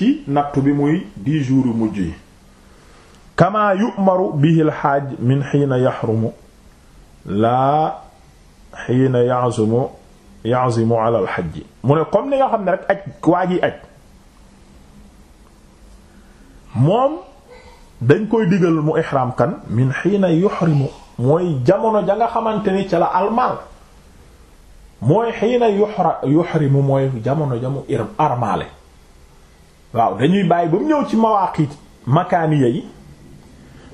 ci nattu bi muy dix jours yu mujj yi kama yu'maru bihi alxaaj min xiina yaxrumu laa xiina ya'zumu ya'zimu ala alxajji mu ne comme ni nga xam ne rek aj waa ji aj moom dañ koy digal mu ihram kan min xiina yuxrimu mooy jamono ja nga xamante ni ca la almal mooy xiina yuxra yuxrimu mooy jamono ja mu armaale waaw dañuy bàyyi ba mu ñëw ci mawaqit makaaniya yi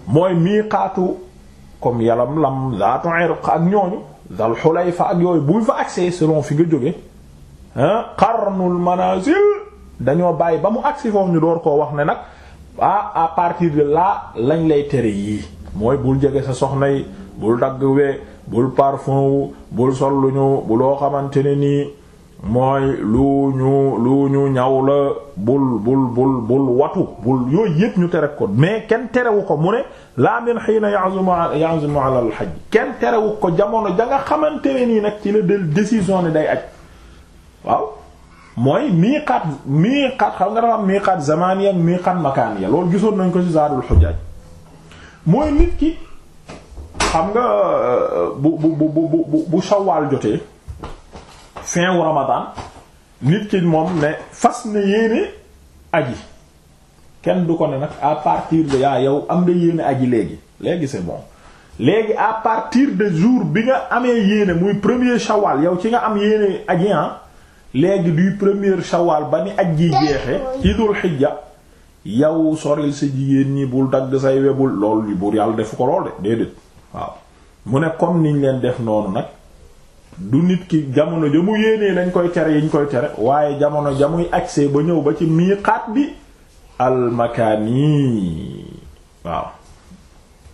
mooy miiqaatu comme yalam lam zaatu irq ak ñooñu dal xulayfa ak yooyu buñ fa accès selon fi nga jóge qarnul manazil dañoo bàyyi ba mu agsi foofu ñu door koo wax ne nag ah à partir de là lañ lay tere yii mooy bul jege sa soxna yi bul dagg we bul parfum bul sol lu ñu loo xamante ne nii mooy lu ñu lu ñu ñaw la bul bul bul bul watu bul yooyu yëpp ñu tere ko mais kenn terewu ko mu ne laa min xiina ya'zumu ya'zumu ala al-hajj kenn terewu ko jamono ja nga xamante ne nii nag ci la del décision ne day aj waaw mooy miiqaat miiqaat xam nga dafa am miiqaat zamaniya miiqaat makaaniya loolu gisoon nañ ko ci zaadul xujjaaj mooy nit ki xam nga bu bu bu bu bu bu shawaal jotee fin wu Ramadan nit ki moom ne fas na yéene aji kenn du ko ne nag à partir de yaa yow am na yéene aji léegi léegi c'est bon léegi à partir de jour bi nga amee yéene muy premier shawal yow ci nga am yéene aji ah léegi du premier shawal ba ni aj gi jeexee ci dul xijja yow soril sa jigéen ñi bul dagg say webul loolu li buur yàlla defu ko lool de déedéet waaw mu ne comme niñ leen def noonu nag du nit ki jamono ja mu yéenee lañ koy tere yiñ koy tere waaye jamono ja muy agsee ba ñëw ba ci mii xat bi almakaani waaw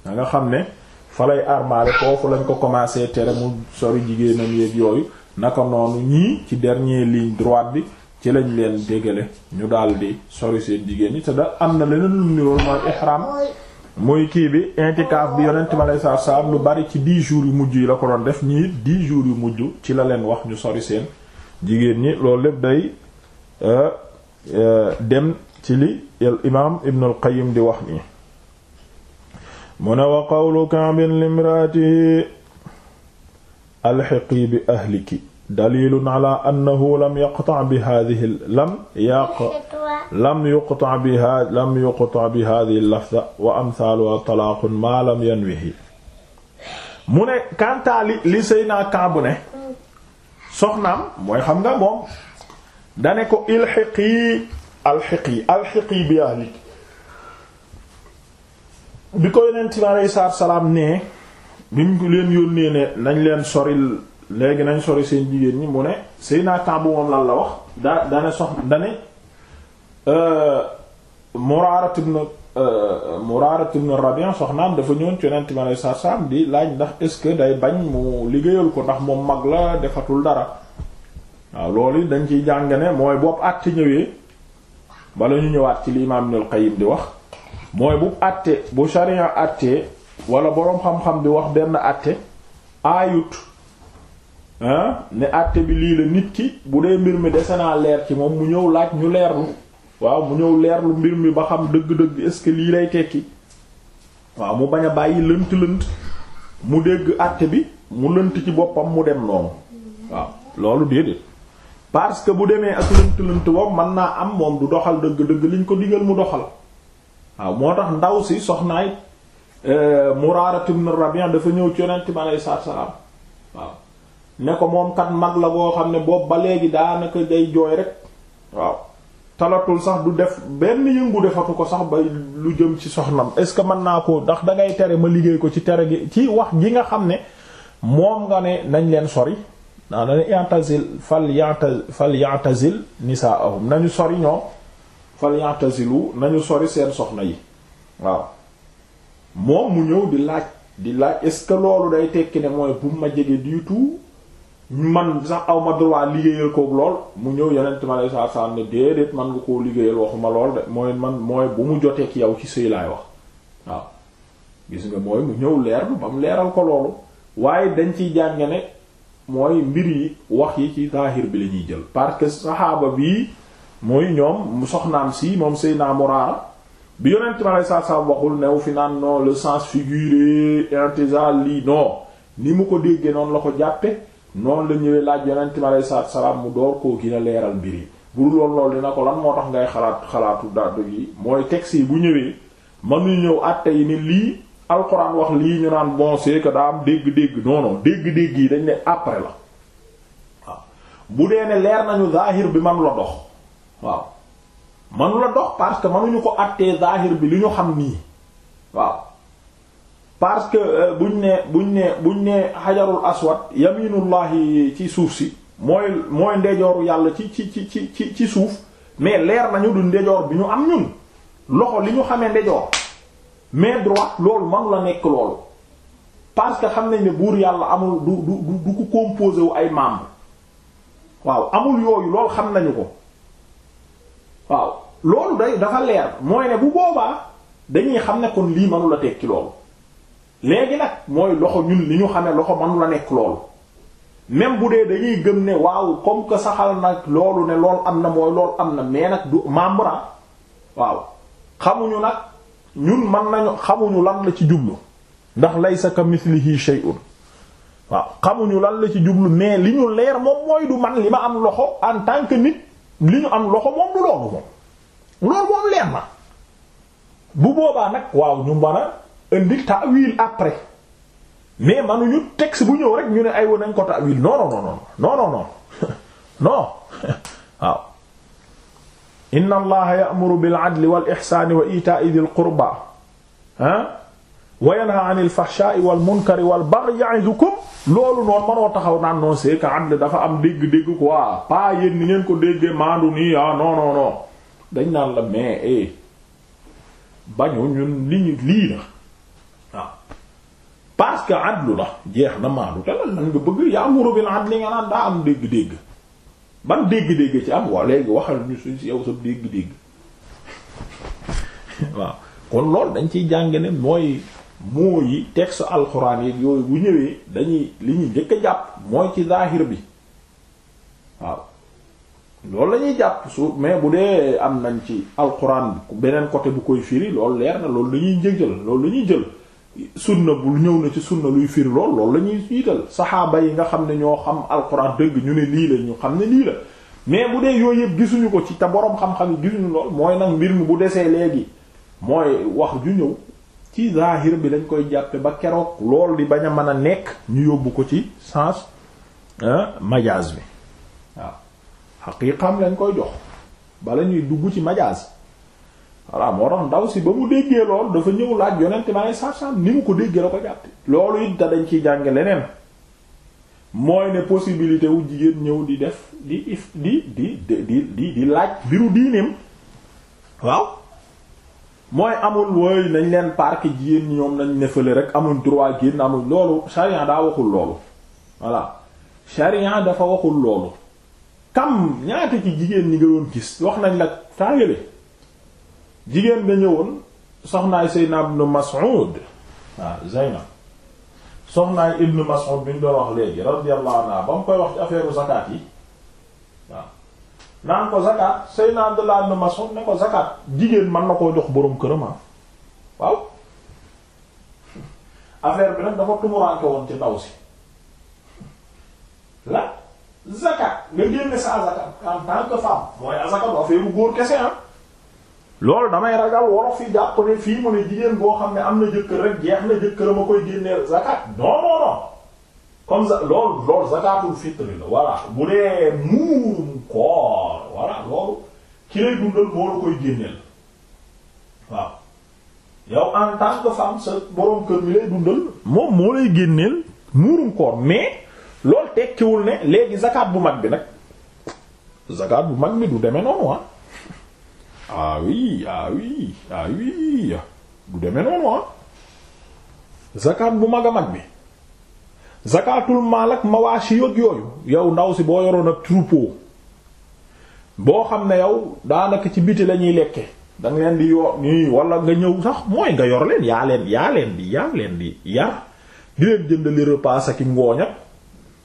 da nga xam ne falay armaale foofu lañ ko commencé tere mu sori jigéenam yeeg yooyu naka noonu ñii ci dernier ligne droit bi ci lañ leen dégale ñu daldi sori seen jigéen ñi te da am na leneen lu niroon mooy ihram muy kii bi intikaaf bi yonent ma lay saa lu bari ci dix jours yu mujj yi la ko doon def ñii di jours yu mujj ci la leen wax ñu sori seen jigéen ñi loolu lépp day euh, euh, dem ci li al imaam Ibn al Qayyim di wax nii mu ne wa qawlu Ka'b limraatihi alxiqi bi ahliki dalilun ala annahu lam lam yaq lam yuqta biha lam yuqta mu ne kantaa sëy naa kaabu ne mooy xam nga moom dane ko ilxiqi alxiqi alxiqi bi ahlik bi ko yonent bi leen yónnee ne nañ leen soril léegi nañ sori seen jigéen ñi mu ne sëy naa kaabu moom lan la wax da dane soxna dane Euh, Muraara ibn euh, Muraara ibn Rabi' soxnaam dafa ñëwoon ci Yonent bi alayhi di laaj ndax est-ce que day bañ mu liggéeyal ko ndax moom mag la defatul dara waaw loolu dañ ciy jàng ne mooy bopp àtte ñëwee bala ñu ñëwaat ci li Imaam Ibnul Qayyim di wax mooy bu àtte bu sharia àtte wala boroom xam-xam di wax benn àtte aayut ne àtte bi lii la nit ki bu dee mbir mi dese naa leer ci moom mu ñëw laaj ñu leerlu. waaw mu ñëw leerlu mbir mi ba xam dëgg-dëgg est lii lay tekki waaw mu bañ a bàyyi lënt lënt mu dégg àtte bi mu lënt ci boppam mu dem noonu waaw loolu déedéet parce que bu demee ak lënt lënt boobu mën naa am moom du doxal dëgg-dëgg liñ ko digal mu doxal waaw moo tax ndaw si soxnaay euh, Muraara ibn Rabi' dafa ñëw ci yonent bi salaam waaw ne ko moom kat mag la boo xam ne boobu ba léegi daanaka day jooy rek waaw talatul sax du def benn yëngu defatu ko sax ba lu jëm ci soxna est ce que mën naa ko ndax dangay ngay tere ma liggéey ko ci tere gi ci wax gi nga xam ne moom nga ne nañ leen sori daa dane ya'tazil fal ya'tazil fal ya'tazil nisaa'ahum nañu sori ñoom fal ya'tazilu nañu sori seen soxna yi waaw moom mu ñëw di laaj di laaj est ce que loolu day tekki ne mooy bu ma jege du man sax aw ma droit liggéeyal koog lool mu ñëw yonent ma lay saa saa ne déedéet man nga koo liggéeyal waxuma lool de mooy man mooy bu mu jotee ak yow ci sëy laay wax waaw gis nga mooy mu ñëw leer ba mu leeral ko loolu waaye dañ ciy jàng ne mooy mbir yi wax yi ci zahir bi la jël parce que saxaaba bi mooy ñoom mu soxnaam si moom Seydina Muraara bi yonent ma lay saa saa waxul new fi naan non le sens figuré intésal lii non ni mu ko déggee la ko jàppe noonu la ñëwee laaj yonent mi alayhi salaatu salaam mu door koo gën a leeral mbir yi bu dul woon loolu dina ko lan moo tax ngay xalaat xalaatu daadu yi mooy texte yi bu ñëwee mënuñ ñëw àtte yi ni lii alxuraan wax lii ñu naan bon c'est que daa am dégg-dégg non non dégg-dégg yi dañ ne après la waaw bu dee ne leer nañu zahir bi man la dox waaw manu la dox parce que mënuñu ko àttee zahir bi li ñu xam nii waaw. parce que bu euh, buñ ne buñ ne buñ ne xajarul aswad yaminullahi ci suuf si mooy mooy ndejooru yàlla ci ci ci ci ci suuf mais leer nañu du ndejoor bi ñu am ñun loxo li ñu xamee ndejoor mais droit loolu manu la nekk loolu parce que xam nañ ne buur yàlla amul du du du ko composé wu ay maam waaw amul yooyu lool xam nañu ko waaw loolu day dafa leer mooy ne bu boobaa dañuy xam ne kon lii manu la tekki loolu léegi nag mooy loxo ñun li ñu xamee loxo mënu la nekk loolu même bu dee dañuy gëm ne waaw comme que saxal nag loolu ne lool am na mooy lool am na mais nag du membre ah. waaw xamuñu nag ñun mën nañu xamuñu lan la ci jublu ndax laysa ka mislihi shay'un waaw xamuñu lan la ci jublu mais li ñu leer moom mooy du man li ma am loxo en tant que nit li ñu am loxo moom du loolu moom loolu moom leer na bu boobaa nag waaw ñu mën a indi ta'wil après mais manuñu bu ñëw rek ñu ne ay woon nañ ko ta'wil non non non non non non non waaw inna allaha ya'muru wa ita'i dhil qurba ah wa yanha 'anil taxaw naan non c'est que ànd ko déggee maandu nii ah non dañ naan la mais eh bañu ñun li ñu lii na parce que adlu la jeex na maandu te lan nan nga bëgg yaa wuro bi adli nga naan daa am dégg-dégg ban dégg-dégg ci am waaw léegi waxal ñu si yow sa dégg-dégg waaw kon loolu dañ ciy jàng ne mooy moo yi texte alxuraan yi yooyu bu ñëwee dañuy li ñuy njëkk a jàpp mooy ci zaahir bi waaw loolu lañuy ñuy jàpp su mais bu dee am nañ ci alxuraan beneen côté bu koy firi loolu leer na loolu la ñuy njëjël loolu la ñuy jël sunna bu ñëw na ci sunna luy firi lool loolu la ñuy jiital saxaaba yi nga xam ne ñoo xam alxuraan dëgg ñu ne lii la ñu xam ne lii la mais bu dee yooyu yëpp gisuñu ko ci te boroom xam-xam yi gisuñu lool mooy nag mbir mi bu desee léegi mooy wax ju ñëw ci zahir bi lañ koy jàppe ba keroog lool di bañ a mën a nekk ñu yóbbu ko ci sens majaas bi waaw xam lañ koy jox bala ñuy dugg ci majaas voilà moo tax ndaw si ba mu déggee loolu dafa ñëw laaj yonent ma lay sarsam ni mu ko déggee la ko jàppe loolu it da dañ ciy jànge leneen mooy ne possibilité wu jigéen ñëw di def di di di di di di laaj biru diineem waaw mooy amul wooy nañ leen park jigéen ñoom nañ nefale rek amul droit génn amul loolu sharia daa waxul loolu voilà sharia dafa waxul loolu kam ñaata ci jigéen ñi nga doon gis wax nañ la taayale jigéen da ñëwoon soxnaay Seydina Ibn Mas'ud waaw Zaynab soxnaay Ibn Mas'ud bi ñu doon wax léegi radiyallahu anha ba mu koy wax ci affaire zakat yi waaw naan ko zakat Seydina Abdullah Ibn Mas'ud ne ko zakat jigéen mën na koo jox boroom këram ah, waaw affaire bi nag dafa tumuraanke woon ci ndaw si la zakat nga génne sa zakat en tant que mooy azaka du affaire góor kese ah loolu damay ragal wolof yi jàpp ne fii mu ne jigéen boo xam ne am na jëkkër rek jeex na jëkkër ma koy génneel zakat non non non comme ça loolu loolu zakatul lay dundal waaw yow en tant que femme sa borom kër moom moo lay génneel muurum koor mais loolu tekkiwul ne léegi zakat bu mag bi nag zakat bu mag mi du demee noonu ah. Ah, ah oui ah oui du demee noonu ah zakat bu mag a mag bi zakatul ma ak mawaashi yog yooyu yow ndaw si boo yoroon ak troupeau boo xam ne yow daanaka ci biti lañuy ñuy lekke danga leen di yor nii nga ñëw sax mooy nga yor leen leen yaa leen di yaa leen di yar di leen jëndali repas ak ngooñ ak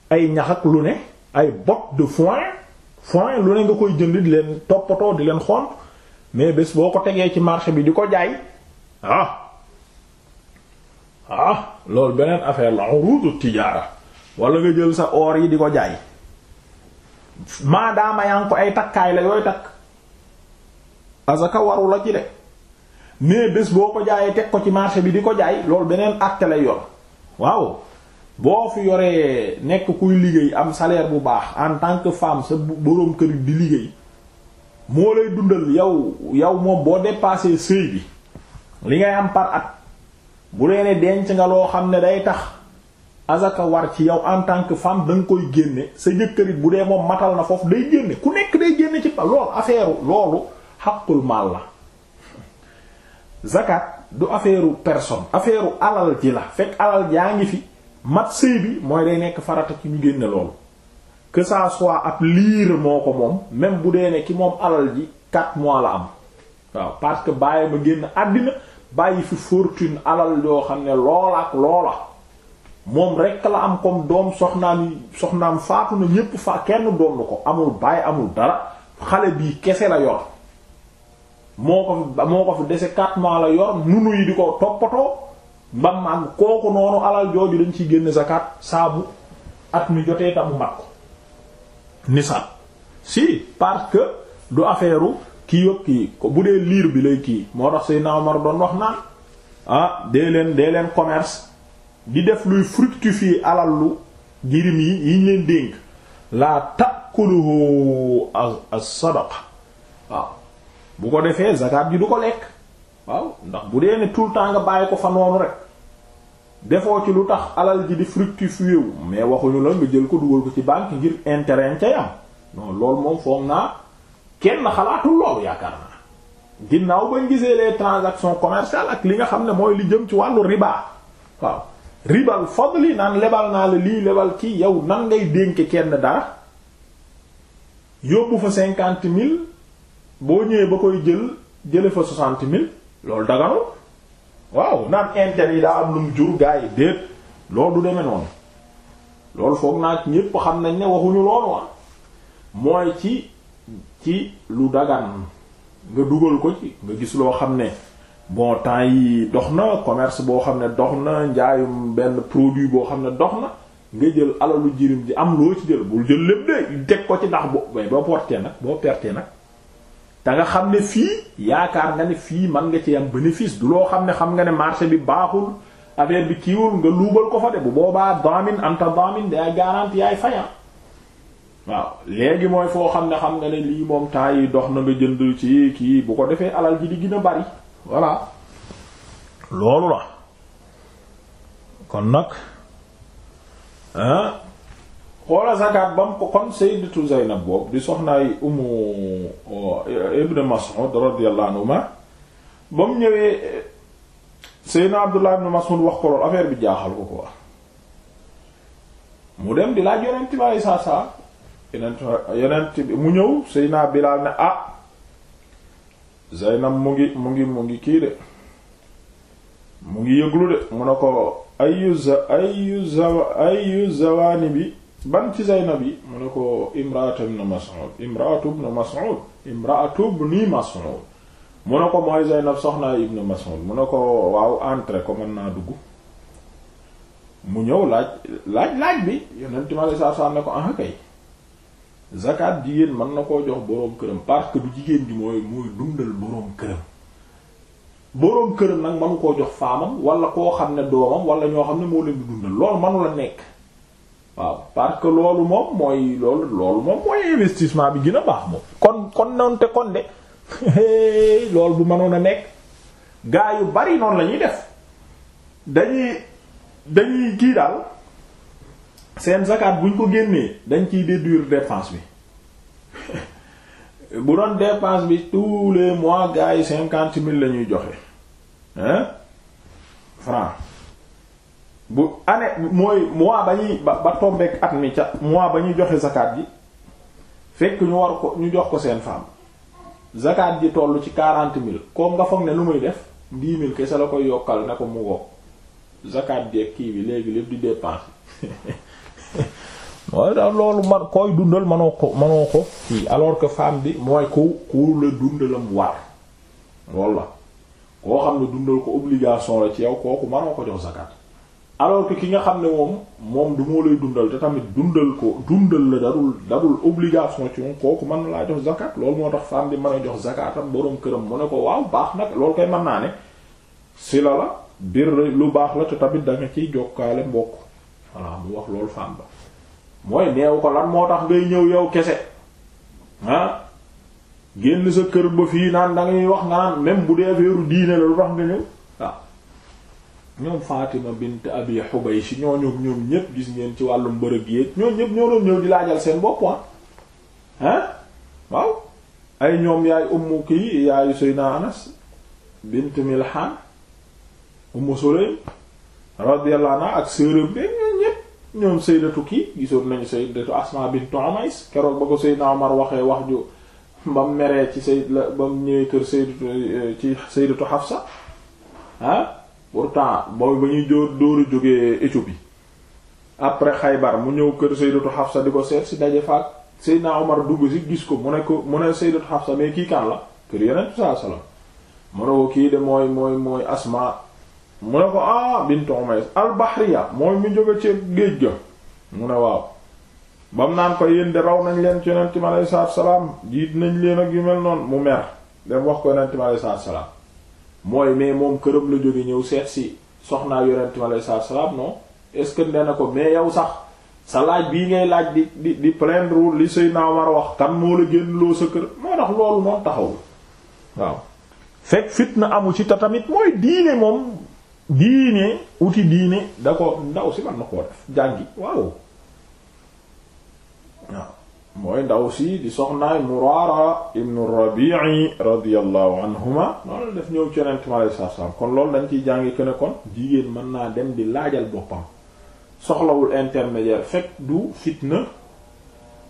ay ñax lu ne ay bottes de foin foin lu ne nga koy jënd di leen toppatoo di leen xont mais bés boo ko tegee ci marché bi di ko jaay ah ah loolu beneen affaire la urudu tijaara wala nga jël sa or yi di ko jaay maadaama yaa ngi ko ay takkaay la yooy takk azaka waru la ci de mais bés boo ko jaayee teg ko ci marché bi di ko jaay loolu beneen acte lay yor waaw boo fi yoree nekk kuy liggéey am salaire bu baax en tant que femme sa boroom kër bi liggéey moo lay dundal yow yow moom boo dépassé seuil bi li ngay am par at bu dee ne denc nga loo xam ne day tax azaka war ci yow en tant que femme da koy génne sa jëkkërit bu dee moom matal na foofu day génne ku nekk day génne ci loolu affaire loolu xaqul maal la zakat du affaire personne affaire alal ji la fekk alal jaa ngi fi mat sëy bi mooy day nekk farata ci ñu génne loolu que ça soit ab liir moo ko moom même bu dee ne ki moom alal ji quatre mois la am waaw parce que bàyyi ba génn àddina bàyyi fi fortune alal yoo xam ne loola ak loola moom rekk la am comme doom soxnaam soxnaam faatu na ñépp fa kenn doon ko amul bàyyi amul dara xale bii kese la yor moo ko moo ko fi dese quatre mois la yor nunu yi di ko toppatoo mbam ak kooku noonu alal jooju dañ ciy génn zakat saabu at ñu jotee tamu mat ko nisab si parce que du affaire ki yëpp kii bu dee liir bi lay kii moo tax Seydina Omar doon wax naan ah dee leen dee leen commerce di def luy fructifier alalu jirim yi yiñ leen dénk la takuluhu as-sadaqa waaw bu ko defee zakat ji du ko lekk waaw ndax bu dee ne tout le temps nga bàyyi ko fa noonu rek defoo ci lu tax alal ji di fructifier wu mais waxuñu la nga jël ko dugal ko ci banque ngir intérêt ca yam non loolu moom foog naa kenn xalaatul loolu yaakaar naa ginnaaw bañ gisee les transactions commerciales ak li nga xam ne mooy li jëm ci wàllu riba waaw ribal li naan lebal naa la lii lebal kii yow nan ngay dénk kenn daa yóbbu fa cinquante mille boo ñëwee ba koy jël jële fa soixante mille loolu daganul waaw naan intérêt yi daa am lu mu jur gars yi déet loolu du demee noonu loolu foog naa ñépp xam nañ ne waxuñu loolu wa ah mooy ci ci lu dagan nga dugal ko ci nga gis loo xam ne bon temps yi dox na commerce boo xam ne dox na njaayum benn produit boo xam ne dox na nga jël alalu jirim ji am loo ci jël bul jël lépp de teg ko ci ndax bo ba boo nag boo pertee nag te nga xam ne fii yaakaar nga ne fii man nga ci am bénéfice du loo xam ne xam nga ne marché bi baaxul affaire bi kiiwul nga luubal ko fa de bu boobaa damin anta damin day garanti yaay fayan ah. waaw léegi mooy foo xam ne xam nga ne lii moom temps yi dox na nga jënd ci kii bu ko defee alal ji di gën a bari voilà loolu la kon nag ah xoola zakat ba mu ko kon sayyidatu Zaynab boobu di soxnaay Ummu euh, Ibn Mas'ud radiyallahu anhuma ba mu ñëwee Sayyidina Abdullah ibn Mas'ud wax ko loolu affaire bi jaaxal ko quoi mu dem di laaj yonent bi ay saa mu ñëw Sayyidina Bilaal ne ah Zaynab mu ngi mu ngi mu ngi kii de mu ngi yëglu de mu ne ko ayu za ayu za ayu zawani bi ban ci Zaynab yi mu ne ko imraatu ibn Mas'ud imraatu ibn Mas'ud imraatu ibn Mas'ud mu ne ko mooy Zaynab soxnaa ibn Mas'ud mu ne ko waaw entre ko mën naa dugg mu ñëw laaj laaj laaj bi yonent ma saa saa ne ko ah kay zakat jigéen mën na koo jox boroom këram parce du jigéen ji mooy mooy dundal boroom këram boroom këram nag mënu koo jox faamam wala koo xam ne doomam wala ñoo xam ne moo leen di dundal loolu mënu nekk waaw parce que loolu moom mooy loolu loolu moom mooy investissement bi gën a baax moom kon kon noonu te kon de loolu bu mënoon a nekk gaa yu bari noonu la def dañuy dañuy kii daal seen zakat buñ ko génnee dañ ciy déduire dépense bi bu doon dépense bi tous les mois gaa yi cinquante mille la ñuy joxe hein franc bu année mooy mois ba ñuy ba tombeek at mi ca mois ba ñu joxe zakat ji fekk ñu war ko ñu jox ko seen femme zakat ji toll ci quarante mille comme nga foog ne lu muy def dix mille kese la koy yokkal ne ko mu woo zakat jeeg kii bi léegi lépp di dépense mooy daal loolu man ko manoo ko kii que femme bi mooy ko ku la dundalam war loolu la koo xam ne dundal ko obligation la ci yow kooku manoo ko jox zakat alors que ki nga xam ne moom moom du moo lay dundal te tamit dundal ko dundal la darul obligation ci moom kooku mën laa jox zakat loolu moo tax femme bi mën a jox zakatam boroom këram mu ne ko waaw baax nag loolu koy man naa ne si la la biir lu baax la te tamit da ci ciy jokkaale mbokk voilà mu wax loolu femme ba mooy neew ko lan moo tax ngay ñëw yow kese ah génn sa kër ba fii naan da ñuy wax nga naan même bu dee affaire diine la lu tax nga ñëw ñoom Fatima bint Abi Hubaysh ñooñu ñoom ñépp gis ngeen ci wàllum bërëg yéeg ñoom ñépp ñoo doon ñëw di laajal seen bopp ah hein waaw ay ñoom yaay ummu kii yaayu Seydina Anas bint Milhan Ummu Sulaym radiyallahu anha ak sërëm bi ñoom ñépp ñoom Sayyidatu kii gisoon nañu Sayyidatu Asma bint Umays keroog ba ko Seydina Omar waxee wax ju ba mu meree ci Sayyid la ba mu eh, ci Sayyidatu Hafsa ah pourtant boobu ba ñuy jóor dóoru jógee Éthiopie après Xaybar mu ñëw kër Sayyidatu Hafsa di ko seet si daje faat Seydina Omar dugg si gis ko mu ne ko mu ne Sayyidatu kii kan la kër Yonent saa salaam ne ko kii de mooy mooy mooy Asma mu ne ko ah bint Umays al-Bahriya mooy mu jóge ci géej ga mu ne waaw bam naan ko yéen de raw nañ leen ci Yonent mi alayhi salaam jiit nañ leen ak yu mel noonu mu mer dem wax ko Yonent mi alayhi salaam mooy mais moom këram la jóge ñëw seet si soxnaa yonent mi aleyhi salaatu salaam non est-ce que nee na ko mais yow sax sa laaj bii ngay laaj di di di plaindre li naa war wax kan moo la génn loo sa kër moo tax loolu noonu taxawul waaw fekk fitna amu ci te tamit mooy diine moom diine uti diine da ko ndaw si man na koo def jàngi waaw waaw mooy ndaw si di soxnaay Muraara ibnu Rabi'i radiyallahu anhuma noonu def ñëw ci yonent mi alayhi salaam kon loolu dañ ciy jàngi que ne kon jigéen mën naa dem di laajal boppam soxlawul intermédiaire fekk du fitna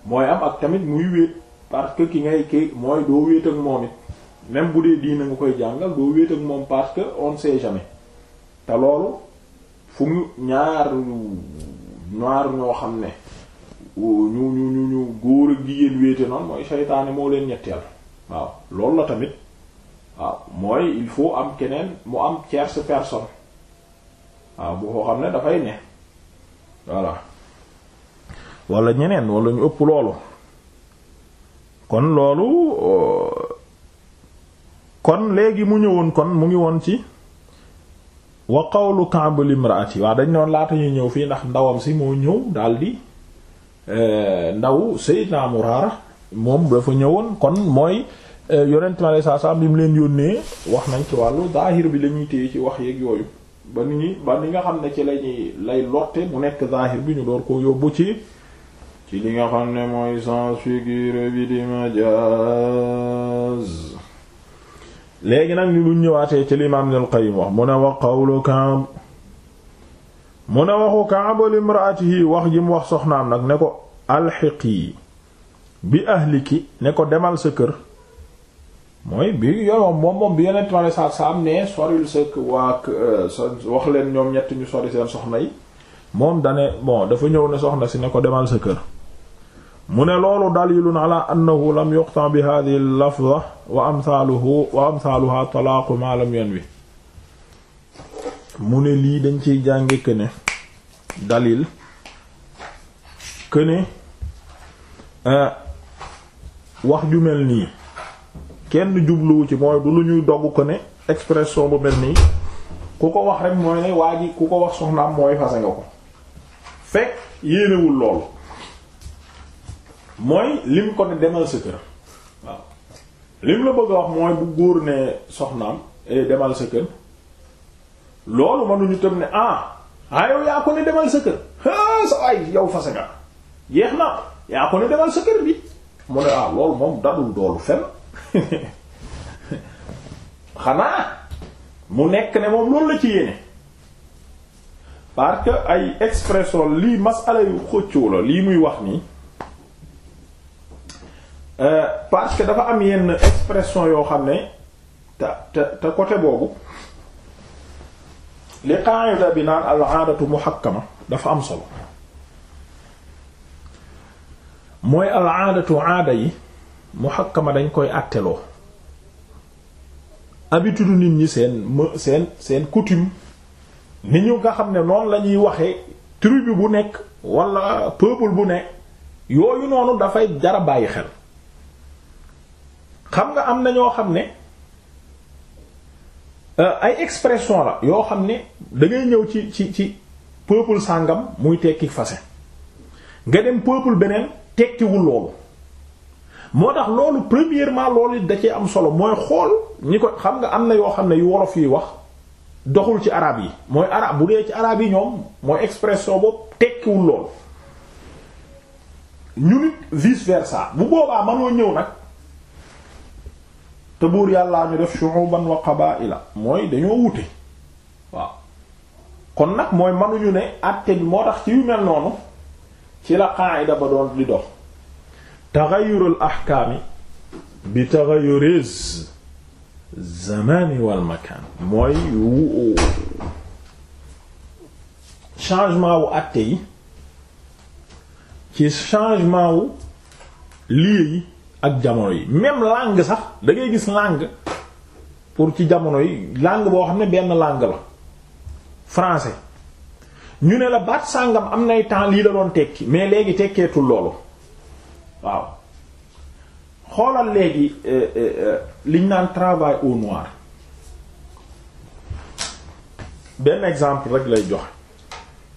mooy am ak tamit muy wéet parce que ki ngay ki mooy doo wéet ak moom it même bu dee diina nga koy jàngal doo wéet ak moom parce que on sait jamais te loolu fu ñaar ñaar ñoo xam ne ñu ñu ñu ñu góor ak jigéen wéete noonu mooy seytaane moo leen ñetteel waaw loolu la tamit waaw mooy il faut am keneen mu am tierce personne waaw bu ko xam ne dafay ne voilà wala ñeneen wala ñu ëpp loolu kon loolu euh, kon léegi mu ñëwoon kon mu ngi woon ci wa qawlu Ka'b limraati waaw dañ ne woon laata ñuy ñëw fii ndax ndawam si moo ñëw daldi Euh, ndaw Seydina Muraara moom dafa ñëwoon kon mooy euh, yonent mi saa saa bi leen yónnee wax nañ ci wàllu zaahir bi la ñuy ci wax yéeg yooyu ba nit ñi ba ni nga xam ne ci lañuy lay lotte mu nekk zaahir bi ñu door ko yóbbu ci ci li nga xam ne mooy sens figuré bi di majaaz léegi nag ñu bu ci li Imaam Ibnul Qayyim wax mu ne wa qawlu Kaab mu ne waxu Ka'b li imraatihi wax ji mu wax soxnaam nag ne ko alxiqi bi ahliki ne ko demal sa kër mooy bi yow moom moom bi yeneen ma ne saa saa am ne soril sa waa wax leen ñoom ñett ñu sori seen soxna yi moom dane bon dafa ñëw ne soxna si ne ko demal sa kër mu ne loolu dalilun ala annahu lam yuqta bi hadhihi al-lafza wa amsaluhu wa amsaluha talaaqu ma mu ne lii dañ ci jànge këne daliil këne euh, wax ju mel nii kenn jubluwu ci mooy du lu ñuy dogg ko ne expression bu mel nii ku ko wax rek mooy ne waa ku ko wax soxnaam mooy fase nga ko fekk yéenewul loolu mooy lim ko ne demal sa kër lim la bëgg a wax mooy bu góor ne soxnaam eh, demal sa kër loolu mënuñu tam ne ah ah yow yaa ko ne demal sa kër ah sa ay yow fase nga na yaa ko ne demal sa kër bi mu ne ah loolu moom dadul doolu fen xanaa mu nekk ne moom loolu la ci yéene parce que ay expression lii masala yu xëccoo la lii muy wax nii euh, parce que dafa am yenn expression yoo xam ne te te te côté boobu li qaa'ida bi naan al aadatu muhakkama dafa am solo mooy al aadatu aada yi muhakkama dañ koy àtteloo habitude nit ñi seen seen seen coutume ni ñu nga xam ne noonu la ñuy waxee tribu bu nekk walla peuple bu ne yooyu noonu dafay jara bàyyi xel xam nga am na ñoo xam ne. Euh, ay expression la yoo xam ne da ñëw ci ci ci peuple sàngam muy tekki façon nga dem peuple beneen tekkiwul loolu moo tax loolu premièrement loolu da cee am solo mooy xool ñi ko xam nga am na yoo xam ne yu wolof yi wax doxul ci arab yi mooy arab bu dee ci arab yi ñoom mooy expression boobu tekkiwul loolu ñu nit vice versa bu boobaa mënoo ñëw nag te buur yàlla ñu def shu'uban wa qaba'ila mooy dañoo wute waaw kon nag mooy manuñu ne àtte bi moo tax ci yu mel noonu ci la qaa'ida ba doon di dox taxayurul ahkaami bi taxayuriz zamani wal makaan mooy wu changement wu àtte yi ci changement wu lii yi ak jamono yi même langue sax dangay gis langue pour ci jamono yi langue boo xam ne benn langue la français ñu ne la baat sàngam am nay temps lii la doon tekki mais léegi tekkeetul loolu waaw xoolal léegi euh, euh, euh, liñ naan travail au noir benn exemple rek lay joxe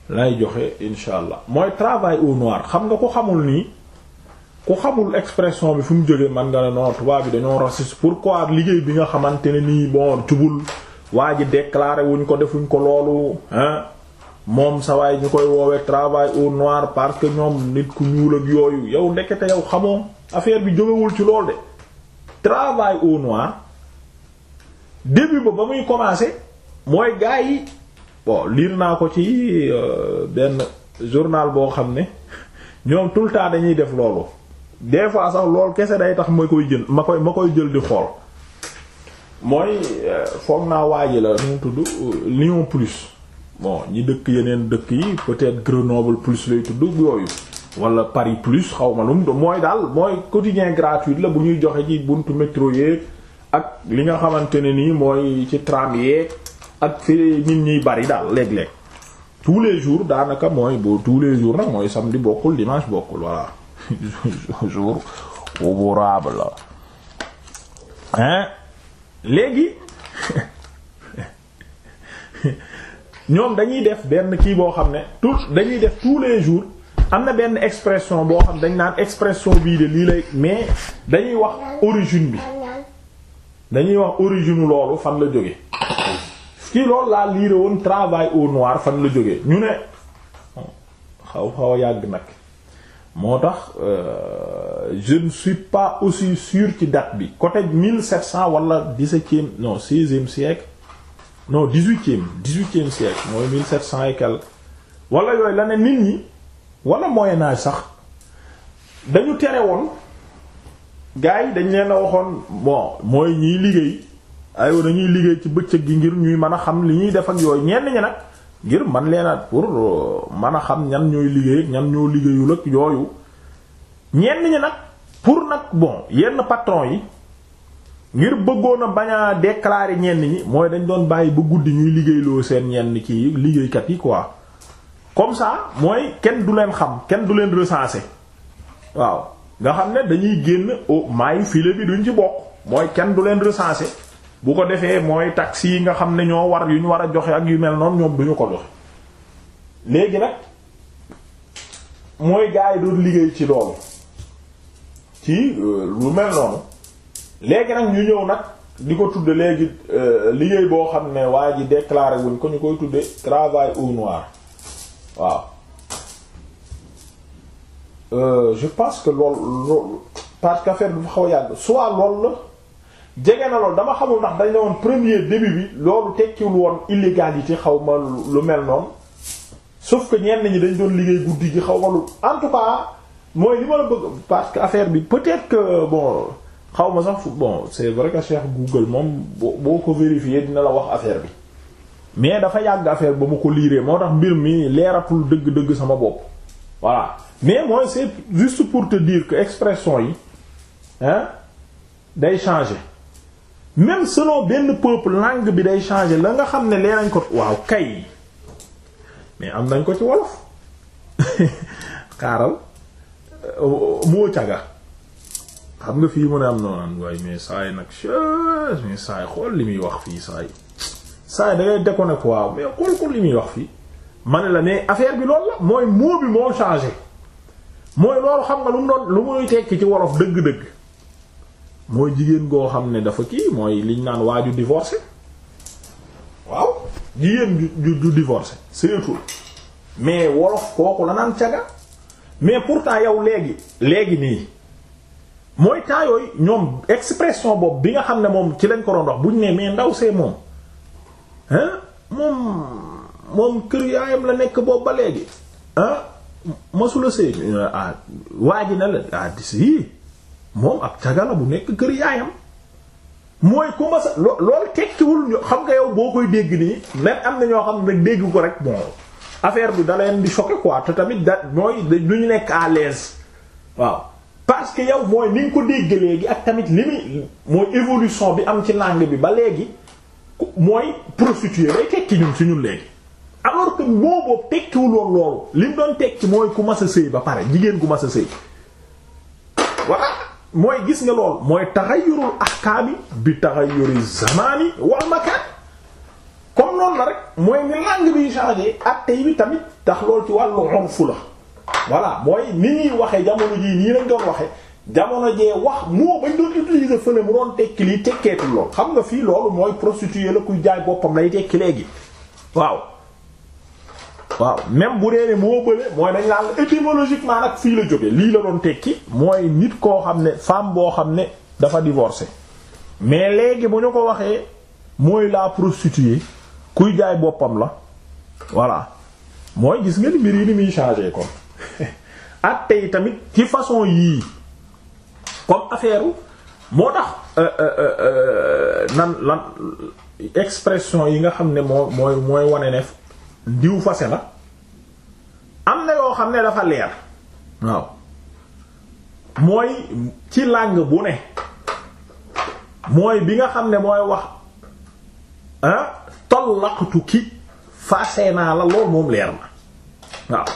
lay joxe insha allah mooy travail au noir xam nga ko xamul nii ku xamul expression bi fu mu jógee man nga ne non tubaab bi dañoo raciste pourquoi liggéey bi nga xamante ne nii bon tubul waa ji déclaré wuñ ko defuñ ko loolu hein moom sa waay ñu koy woowee travail au noir parce que ñoom nit ku ñuul ak yooyu yow ndekkete yow xamoo affaire bi jógewul ci lool de travail au noir début ba ba muy commencer mooy gars yi bon liir naa ko ci euh, benn journal boo xam ne ñoom tout le temps dañuy def loolu des fois sax lool kese day tax ma koy jël ma koy ma koy jël di xool mooy euh, foog naa waaji la nu tudd euh, Lyon plus bon ñi dëkk yeneen dëkk yi peut-être Grenoble plus lay tudd yooyu wala Paris plus xaw lu mu mooy daal mooy quotidien gratuit la bu ñuy joxe ci buntu métro yeeg ak li nga xamante ne nii mooy ci tram yeeg ak fi nit ñuy bari daal léeg-léeg tous les jours daanaka mooy boo tous les jours nag mooy samedi bokkul dimanche bokkul voilà jour ouvrable léegi ñoom dañuy def benn kii boo xam ne tous dañuy def tous les jours am na benn expression boo xam ne dañ naan expression bii de lii lay mais dañuy wax origine bi dañuy wax origine loolu fan la jóge kii loolu laa liire woon travail au noir fan la jóge ñu ne xaw xaw a yàgg nag moo tax euh, je ne suis pas aussi sûr ci date bi côté 1700 wala 17e non 16e siècle non 18e 18e siècle mooy 1700 et quelques wala yooyu la ne nit ñi wala Moyen Âge sax dañu tere woon gars yi dañ leen a waxoon bon mooy ñiy liggéey aywa dañuy liggéey ci bëccëg gi ngir ñuy mën a xam li ñuy def ak yooyu ñenn ñi nag. ngir man leen at pour euh, mën a xam ñan ñooy liggéey ñan ñoo liggéeyul ak yooyu ñenn ñi nag pour nag bon yenn patron yi ngir bëggoon a bañ a déclarer ñenn ñi mooy dañ doon bàyyi ba guddi ñuy liggéeyloo seen ñenn ci liggéeykat yi quoi comme ça mooy kenn du leen xam kenn du leen recenser waaw nga xam ne dañuy génn oh maayu file bi duñ ci bokk mooy kenn du leen recenser. bu ko defee mooy taxi yi nga xam ne ñoo war yu ñu war a joxe ak yu mel noonu ñoom duñu ko joxe léegi nag mooy gars yi doon liggéey ci loolu ci euh, lu mel noonu léegi nag ñu ñëw nag di ko tudde léegi euh, liggéey boo xam ne waa ji déclaré wuñ ko ñu koy tudde travail au noir waaw euh, je pense que loolu loolu parce fa xaw a yàgg soit loolu la jege na loolu dama xamul ndax dañ ne woon premier début bi loolu tekkiwul woon illégalité xaw ma lu mel noonu sauf que ñenn ñi dañ doon liggéey guddi gi xaw ma lu en tout mooy li ma la parce que affaire bi peut-être que bon xaw ma sax bon c'est vrai que Cheikh Google moom boo ko vérifier dina la wax affaire bi mais dafa yàgg affaire ba mu ko liiree moo tax mbir mi leeratul dëgg-dëgg sama bopp voilà mais mooy c'est juste pour te dire que expression yi hein day changer. même selon benn peuple langue bi day changer la nga xam ne lee nañ ko waaw kay mais am nañ ko ci wolof xaaral euh, moo caga xam nga fii mu ne am noonaan waaye mais saay nag chaise mais saay xool li muy wax fii saay saay da ngay déconné waaw mais xool ko li muy wax fii ma ne la ne affaire bi lool la mooy mot bi moo changé mooy loolu xam nga lu mu doon lu muy tekki ci wolof dëgg-dëgg mooy jigéen goo xam ne dafa kii mooy liñ naan waa waaju divorcé waaw jigéen ju ju divorcé seetul mais wolof kooku la naan caga mais pourtant yow léegi léegi nii mooy temps ñoom expression boobu bi nga xam ne moom ci lañ ko doon bu buñ nee mais ndaw see moom hein moom moom kër la nekk boobu ba léegi hein masula sëy ah waa ji na la ah si moom ab cagala bu nekk kër yaayam mooy ku ma sa loolu tekkiwul xam nga yow boo koy dégg nii même am na ñoo xam ne dégg ko rek bon affaire bi da leen di choquer quoi te tamit da mooy ñu nekk à l'aise waaw parce que yow mooy ni ko dégg léegi ak tamit li muy évolution bi am ci langue bi ba léegi mooy prostituée lay tekki ñun si loolu li mu doon tekki mooy ku mas a sëy ba pare jigéen ku mas a sëy voilà mooy gis nga lool mooy taxayurul ahkaami bi taxayuri zamani wal makaan comme noonu la rek mooy ni langue bi changé atte yi tamit tax lool ci wàllu urfu la voilà mooy ni ñuy waxee jamono jii nii lañ doon waxee jamono jee wax moo bañ doon utiliser fële mu doon tekki lii tekkeetul lool xam nga fii loolu mooy prostituée la kuy jaay boppam lay tekki léegi waaw waaw même bu dee ne moo bële mooy dañ laal étymologiquement nag fii la jóge lii la doon tekki mooy nit koo xam ne femme boo xam ne dafa divorcé mais léegi bu ñu ko waxee mooy la prostituée kuy jaay boppam la voilà mooy gis nga ni mbir yi ni muy changé kon ak tey tamit ci façon yii comme affaire moo tax euh, euh, euh, nan lan expression yi nga xam ne moo mooy mooy wane ne diw fase la am na yoo xam ne dafa leer waaw mooy ci langue bu ne mooy bi nga xam ne mooy wax ah tollaqtu ki fase naa la lool moom leer na waaw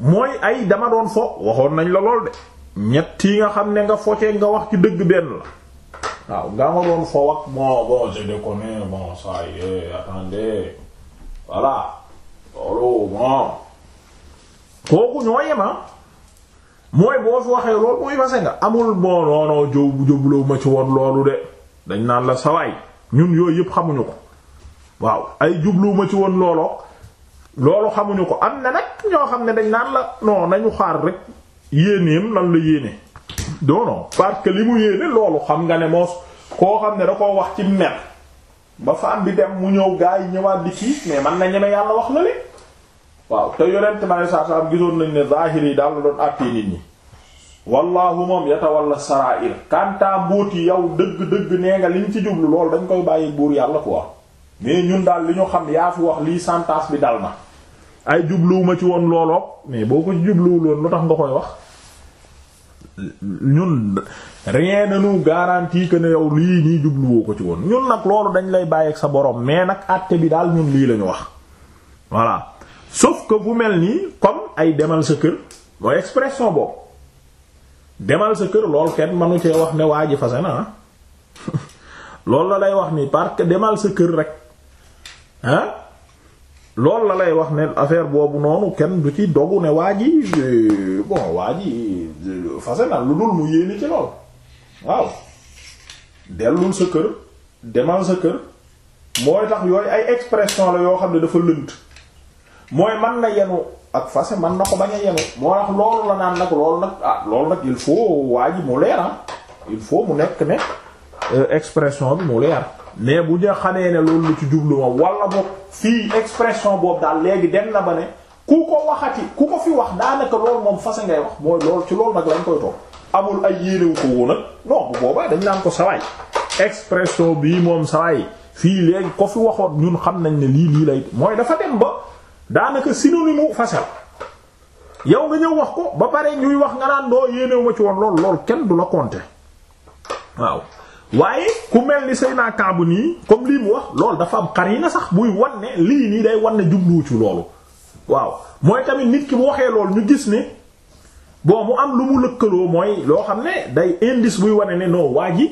mooy ay dama doon fo waxoon nañ la lool de ñett yi nga xam ne nga focee nga wax ci dëgg benn la waaw nga ma doon fo wax bon bon je déconne bon ça y est attendez voilà loolu bon kooku ñoo yema ah. mooy boo fi waxee loolu mooy base nga amul bon non non jóobu ma ci woon loolu de dañ naan la sawaay ñun yooyu yëpp xamuñu ko waaw ay jublu ma ci woon looloo loolu xamuñu ko am na nag ñoo xam ne dañ naan la non nañu xaar rek yéeneem lan la yéene non non parce li mu yéene loolu xam nga ne moos koo xam ne da koo wax ci mer ba am bi dem mu ñëw gaa yi ñëwaat di kii mais man na ñeme yàlla wax na li waaw te yonent ma saa saa gisoon nañ ne zahir yi daal la doon àttee nit ñi wallahu moom yatawalla sarair kanta mbóoti yow dëgg-dëgg nee nga liñ ci jublu loolu dañ koy bàyyi buur yàlla quoi mais ñun daal li ñu xam yaa fi wax lii santaas bi dal ma ay jubluwuma ci woon looloo mais boo ko jubluwul woon lu tax nga koy wax ñun rien nañu nous garantit que ne yow lii ñuy jubluwoo ko ci woon ñun nag loolu dañ lay bàyyeeg sa boroom mais nag àtte bi daal ñun lii la wax voilà sauf que bu mel nii comme ay demal sa kër mooy expression boobu demal sa kër loolu kenn manu cee wax ne waa ji fase na ah. loolu la lay wax nii parce que demal sa kër rek ah. loolu la lay wax ne affaire boobu noonu kenn du ci dogu ne waa ji bon waa ji fase na lu dul mu yéene ci lool waaw dellul sa kër demal sa kër mooy tax yooyu ay expression la yoo xam ne dafa lënt mooy mën na yenu ak fase man na ko bañ a yenu moo tax loolu la naan nag loolu nag ah loolu nag il faut waa ji mu leer ah. il faut mu nekk ne euh, expression bi mu leer mais bu ñu xamee ne loolu lu ci jublu moom wala boog fii expression boobu daal léegi dem na ba ne ku ko waxati ku ko fi wax daanaka loolu moom fase ngay wax mooy ci loolu nag lañ koy toog amul ay yéenewu ko woon nag non dañ naan ko sawaay expression bii moom sawaay fii léegi ko fi waxoon ñun xam nañ ne lii lii lay mooy dafa dem ba daanaka synonyme fase la yow nga ñëw wax ko ba pare ñuy wax nga naan doo yéenewu ci woon loolu lool kenn du la compter waaw waaye ku mel ni Seyna Kaabu nii comme lii mu wax loolu dafa am xar yi na sax buy wan ne lii nii day wan ne jubluwu ci loolu waaw mooy tamit nit ki bu waxee loolu ñu gis ni boo mu am lu mu lëkkaloo mooy loo xam ne day indice buy wane ne non waa ji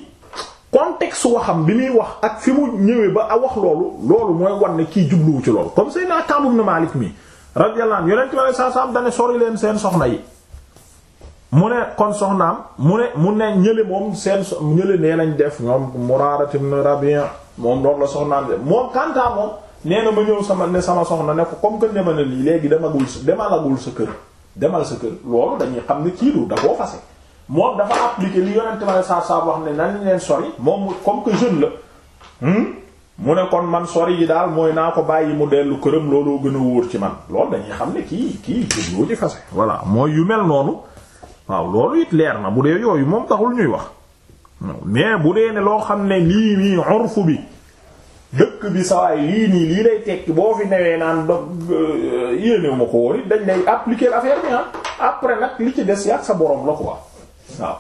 contexte waxam bi muy wax ak fi mu ñëwee ba a wax loolu loolu mooy wan ne kii jubluwu ci loolu comme Seyna Kaabu ibn Malik mi radiyallahu anhu yonent bi sallallahu alayhi wasallam dane sori leen seen soxna yi mu ne kon soxnaam mu ne mu ne ñële moom seen so ñële nee nañ def ñoom Muraara ibn Rabi' moom loolu la soxnaam def moom kantaa moom nee na ma ñëw sama ne sama soxna ne ko comme que ne ma ne lii léegi demagul sa demalagul sa kër demal sa kër loolu dañuy xam ne kii du da koo li yonent ma ne saa saa wax ne nan leen sori moom comme que jeune la hmm? mu ne kon man sori yi daal mooy naa ko bàyyi mu dellu këram looloo gën a wóor ci man loolu dañuy xam ne kii kii jëloo ci fase voilà mooy yu mel noonu waaw loolu it leer na bu dee yooyu moom taxul ñuy wax mais bu dee ne loo xam ne lii nii urfu bi dëkk bi sawaay lii nii lii lay tekki boo fi newee naan dog euh, yéenewu ma ko woon dañ lay appliquer l'affaire bi ah après nag li ci des yàgg sa boroom la quoi waaw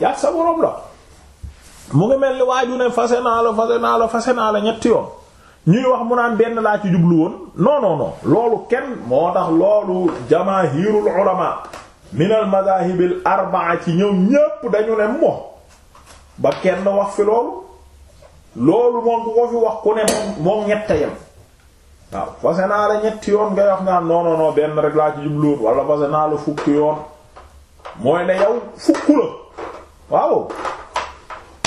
yàgg sa borom la mu ngi mel ni waaju ne fase naa la fase naa la fase ñetti yoon ñuy wax mu naan benn laa ci jublu woon non loolu kenn moo tax loolu jamaahirul ulama minal madaahibil arbaa ci ñoom ñépp dañu ne moom ba kenn wax fi loolu loolu moom ku ko fi wax ku ne moom ñett yam waaw fase naa la ñetti yoon ngay wax nga non non non benn rek laa ci jubluwut wala fase naa la fukki yoon mooy ne yow fukk la waaw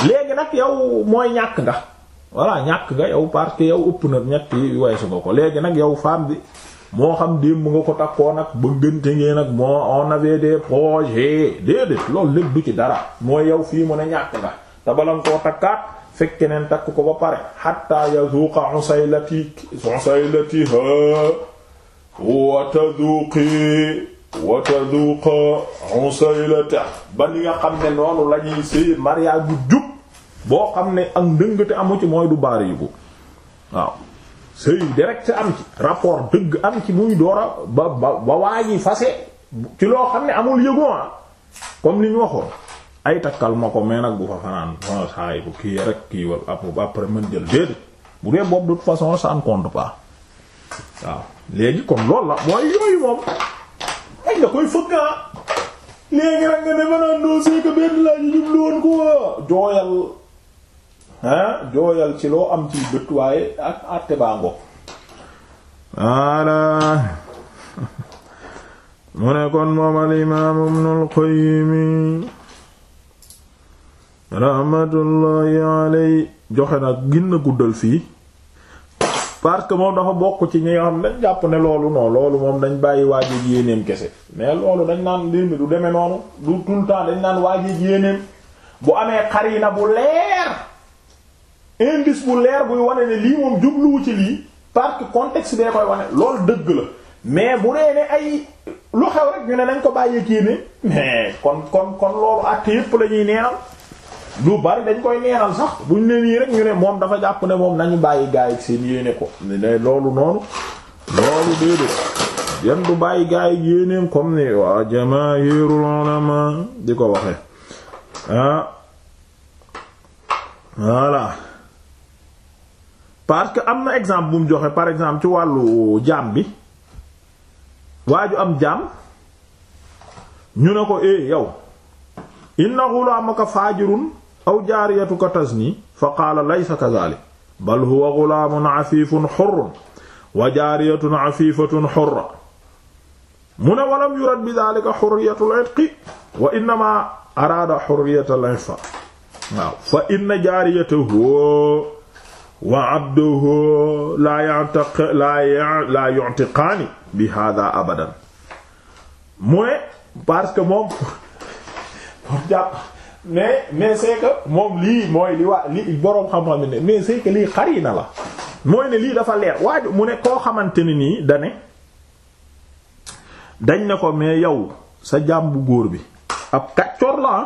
léegi nag yow mooy ñàkk nga voilà ñàkk nga yow parce que ëpp na ñetti weesu nga ko léegi nag yow femme bi moo xam démb nga ko takkoon ak bëggante ngeen ak moo on avait des projets de lool lépp du ci dara mooy yow fii mu ne ñàkk nga te balam koo takkaat fekk keneen takk ko ba pare hatta yazuqa usaylati usaylatiha wa tazuqi wa tazuqa usaylata ba li nga xam ne noonu la ñuy sëy mariage bu jub boo xam ne ak ndëngate amu ci mooy du baar yi ko waaw sëy direct am ci rapport dëgg am ci muy doora ba ba ba waaji fase ci loo xam ne amul yëgoo comme li ñu waxoon ay takkal ma ko mais nag bu fa fanaan bon saa yi bu kii rek kii wala après mën jël déedéet bu dee boobu de façon ça compte pas waaw léegi kon loolu la mooy yooyu moom ay nga koy fëgg ah. léegi rek nga ne ma naan benn laaj yi jublu woon ko jooyal. ah jooyal ci loo am ci bët waaye ak àtte baa ngoog waala mu ne kon moom al imaam ibnul Qayyim rahmatullahi aley joxe na gën a guddal fii parce que moom dafa bokk ci ñi nga xam dañ jàpp ne loolu non loolu moom dañ bàyyi waajeeg yéenéem kese mais loolu dañ naan mbir mi du demee noonu du tout dañ naan waajeeg yéenéem bu amee xarina bu leer indice bu leer buy wane ne lii moom jubluwu ci lii parce que contexte koy wane loolu dëgg la mais bu dee ne ay lu xew rek ñu ne nañ ko bàyyee kéene mais kon kon kon loolu àtte yépp la neenal lu bari dañ koy neenal sax buñ ne nii rek ñu ne moom dafa jàpp ne moom nañu bàyyi gaay seen yéene ko ne loolu noonu loolu déedéet yan du bàyyi gaay ak yéeneem comme ni waa jamaahirul ulama di ko waxe ah voilà parce que am na exemple bu mu joxe par exemple ci wàllu jaam bi waa am jaam ñu ne ko eh yow inna ghulaamaka faajirun aw jaariyatuka tazni fa qaala laysa kadhalik bal huwa ghulaamun afifun hurrun wa jaariyatun afifatun hurra mu ne walam yurad bi dhalika hurriyatul itqi wa araada hurriyatul infa waaw fa inna wa abduhu laa yataq laa yu'tiqaani bi hada abadan mu parce que moom moom jàpp mais mais c'est que moom lii mooy li waa li boroom xam-xam ne mais c'est lii xari na la mooy ne lii dafa leer waaye mu ne koo xamante ne nii dane dañ ne ko mais yow sa jaam bu góor bi ab kàccor la ah?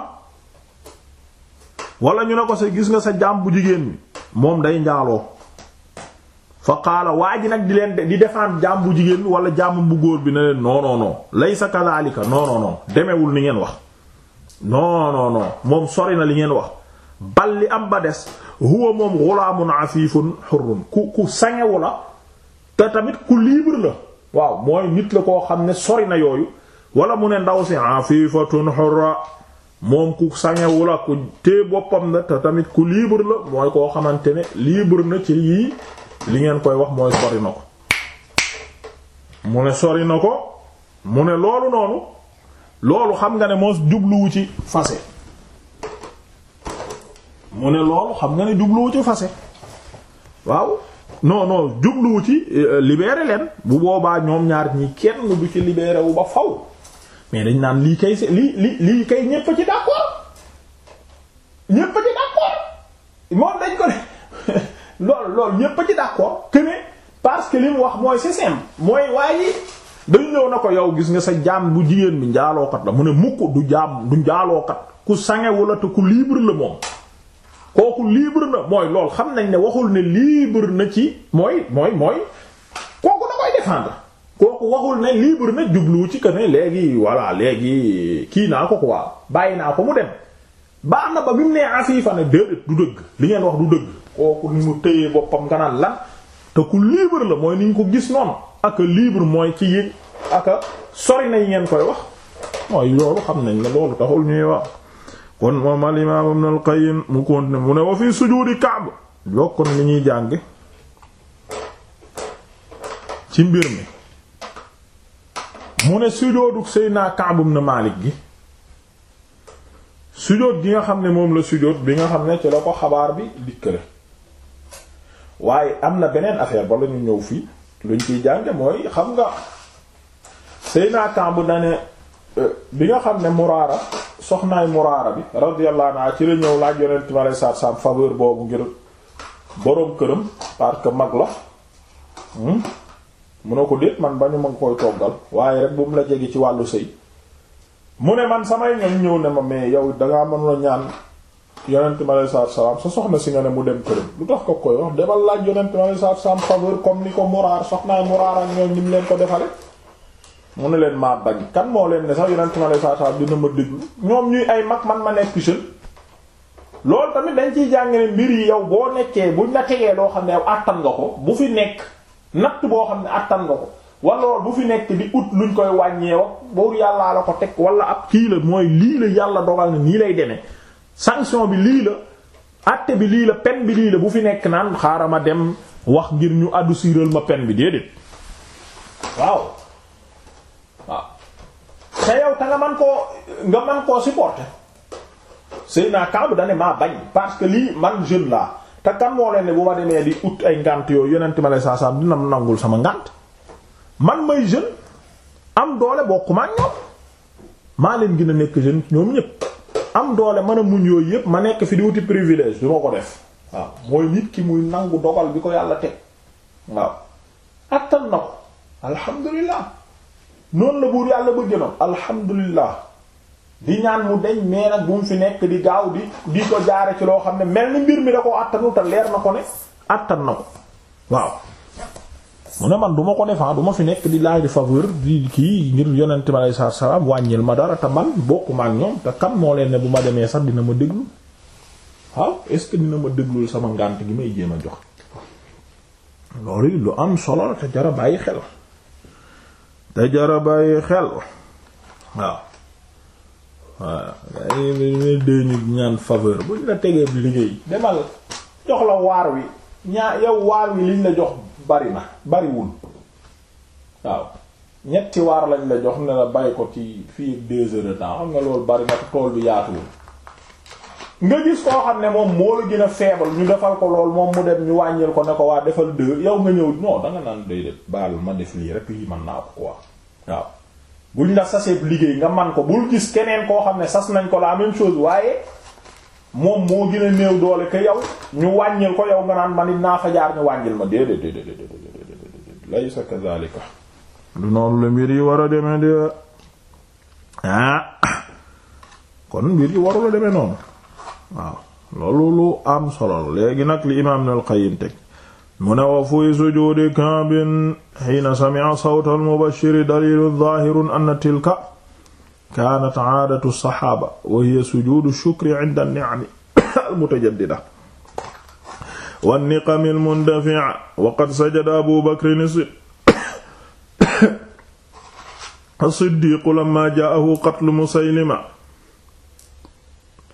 wala ñu ne ko sa gis nga sa jaam bu jigéen bi moom day njaaloo fa qaala waa ji nag di leen di defaan jaam bu jigéen wala jaam bu góor bi ne leen non non non laysa kadhalika demewul ni ngeen wax non non moom sori na li ngeen wax bal li am ba des huwa moom ghulamun afifun hurrun ku ku sangewu la te tamit ku libre la waaw mooy nit la koo xam ne sori na yooyu wala mu ne ndaw si afifatun hurra moom ku sañewu la ku tée boppam na te tamit ku libre la mooy koo xamante ne libre na ci yii li ngeen koy wax mooy sori na ko mu ne sori na ko mu ne loolu noonu loolu xam nga ne moo jubluwu ci fase mu ne loolu xam nga ne jubluwu ci fase waaw non non jubluwu ci euh, libérer leen bu boobaa ñoom ñaar ñi kenn du ci libérer wu ba faw mais dañ naan lii kay lii lii lii kay ñépp ci d'accord ñépp ci d'accord moom dañ ko ne loolu loolu ñépp ci d'accord que ne parce que li mu wax mooy c'est mooy waaye dañ na ko yow gis nga sa jaam bu jigéen bi njaalookat la mu ne mukk du jaam du njaalookat ku sangewu la te ku libre la moom kooku libre na mooy lool xam nañ ne waxul ne libre na ci mooy mooy mooy kooku da koy défendre kooku waxul ne libre na jublu ci que ne léegi voilà léegi kii naa ko ko quoi bàyyi naa ko mu dem baax na ba bi mu nee afifa ne déedéet du dëgg li ngeen wax du dëgg kooku ni mu tëyee boppam nga naan lan te ku libre la mooy ni ñu ko gis noonu ak libre mooy ci yéen ak sori na yi ngeen koy wax mooy loolu xam nañ ne loolu taxul ñuy wax kon moom al imaam ibn al qayyim mu continue mu ne wa sujudi kaab bokkoon li ñuy jàng ci mbir mi mu ne sujoodu Seydina Ka'b ibn Malik gi sujoot gi nga xam ne moom la sujoot bi nga xam ne ci la ko xabaar bi dikkale waaye am na beneen affaire ba la ñu ñëw fii luñ ciy jànge mooy xam nga Seydina Ka'b na ne euh, bi nga xam ne Muraara soxnaay Muraara bi radiyallahu anha ci la ñëw laaj yonent bi alayhi salaatu salaam faveur boobu ngir boroom këram parce que mag la hmm? mun ne ko déet man bañu ma koy toggal waaye rek bu mu la jege ci wàllu sëy mu ne man samay ñoom ñëw ne ma mais yow dangaa mënula ñaan yonent mi aleyhi salaatu salaam sa soxna si nga ne mu dem këram lu tax ko koy wax demal laaj yonent mi aleyhi comme ni ko muraar soxnaay muraar ak ñoom ni mu leen ko defale mu ne leen maa bañ kan moo leen ne sax yonent mi aleyhi salaatu salaam dina ma déglu ñoom ñuy ay mag man ma nekk jeune loolu tamit dañ ciy jàngale mbir yi yow boo nekkee buñ la tegee loo xam ne yow àttan nga ko bu fi nekk natt boo xam ne attan nga ko wala bu fi nekk di ut luñ koy wàññee wax boobu yàllaa la ko teg wala ab kii la mooy lii la yàlla dogal ne nii lay demee sanction bi lii la àtte bi lii la pen bi lii la bu fi nekk naan xaaral ma dem wax ngir ñu adouciral ma peine bi déedéet waaw waaw te yow ta nga man koo nga man koo supporter Seydina Kaabu da maa bañ parce que lii man jeune laa te gan moo leen ne bu ma demee di ut ay ngànt yooyu yonent ma lay saasaam dina ma nangul sama ngànt man may jeune am doole bokkuma ak ñoom maa leen gën a nekk jeune ñoom ñépp am doole mën a muñ yooyu yépp ma nekk fi di wuti privilège du ma ko def waaw mooy nit ki muy nangu dogal bi ko yàlla teg waaw attan na ko alhamdulilah noonu la buur yàlla bëgg na alhamdulilah di ñaan mu deñ mais bu mu fi nekk di gaaw di di ko jaare ci loo xam ne mel ni mbir mi da ko attanu te leer na ko ne àttan na ko waaw mu ne man du ma ko defan ah, du ma fi nekk di laaj di faveur di kii ngir yonente mi alei salatua wàññil ma dara te man bokkuma ak ñoom te kan moo leen bu ma demee sax dina ma déglu waaw est-ce que dina ma déglul sama ngànt gi may jéem a jox loolu lu am solo te jara bàyyi xel te jara bàyyi xel waaw voilà dañuy dee ñu ñaan faveur bu ñu la tegee liggéey demal jox la waar wi ñaa yow waar wi liñ la jox bari na bariwul waaw ñetti waar lañ la jox ne la bàyyi ko ci fii deux heures de temps xam nga loolu bari na tool bi yaatuwul nga gis koo xam ne moom moo la gën a faible ñu defal ko lool moom mu dem ñu wàññil ko ne ko waa defal deux yow nga ñëw non danga naan day def baal ma def lii rek lii mën naa ko quoi waaw. bu buñ sa saseeb liggéey nga man ko bul gis keneen koo xam ne sas nañ ko la même chose waaye moom moo gën a néew doole que yow ñu wàññil ko yow nga naan man it naa fa jaar ñu wàññil ma déedéet déedéet déedéet laysa kadhalika du noonu la mbir yi war a deme de ah kon mbir yi warula demee noonu waaw loolu lu am solo léegi nag li imaam Ibnul Qayyim teg mu ne wa fuy sujuudi kaabin xiina sami'a sawta almubashiri dalilu zaahirun anna tilka kaanat aadatu saxaaba wa hiya sujuudu shukri inda ni'ami almutajaddida wanniqami almundafi'a wa qad sajada abu bakrin as-siddiiqu lammaa jaa'ahu qatlu musaylima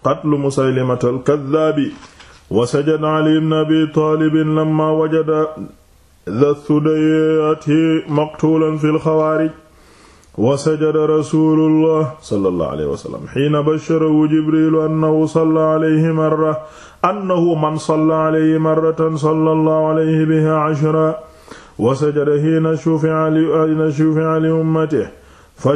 qatlu musaylimata al-kaddaabi wa sajada ali ibn abi taalibin lamma wajada da thudayyati maqtulan fi lxawaarij wa sajada rasulullah sallallahu alayhi wa sallam xiina basharahu jibrilu annahu salla alayhi marra annahu man salla alayhi marratan sallallahu alayhi biha ashra wa sajada xiina shufi'a li ummatihi fa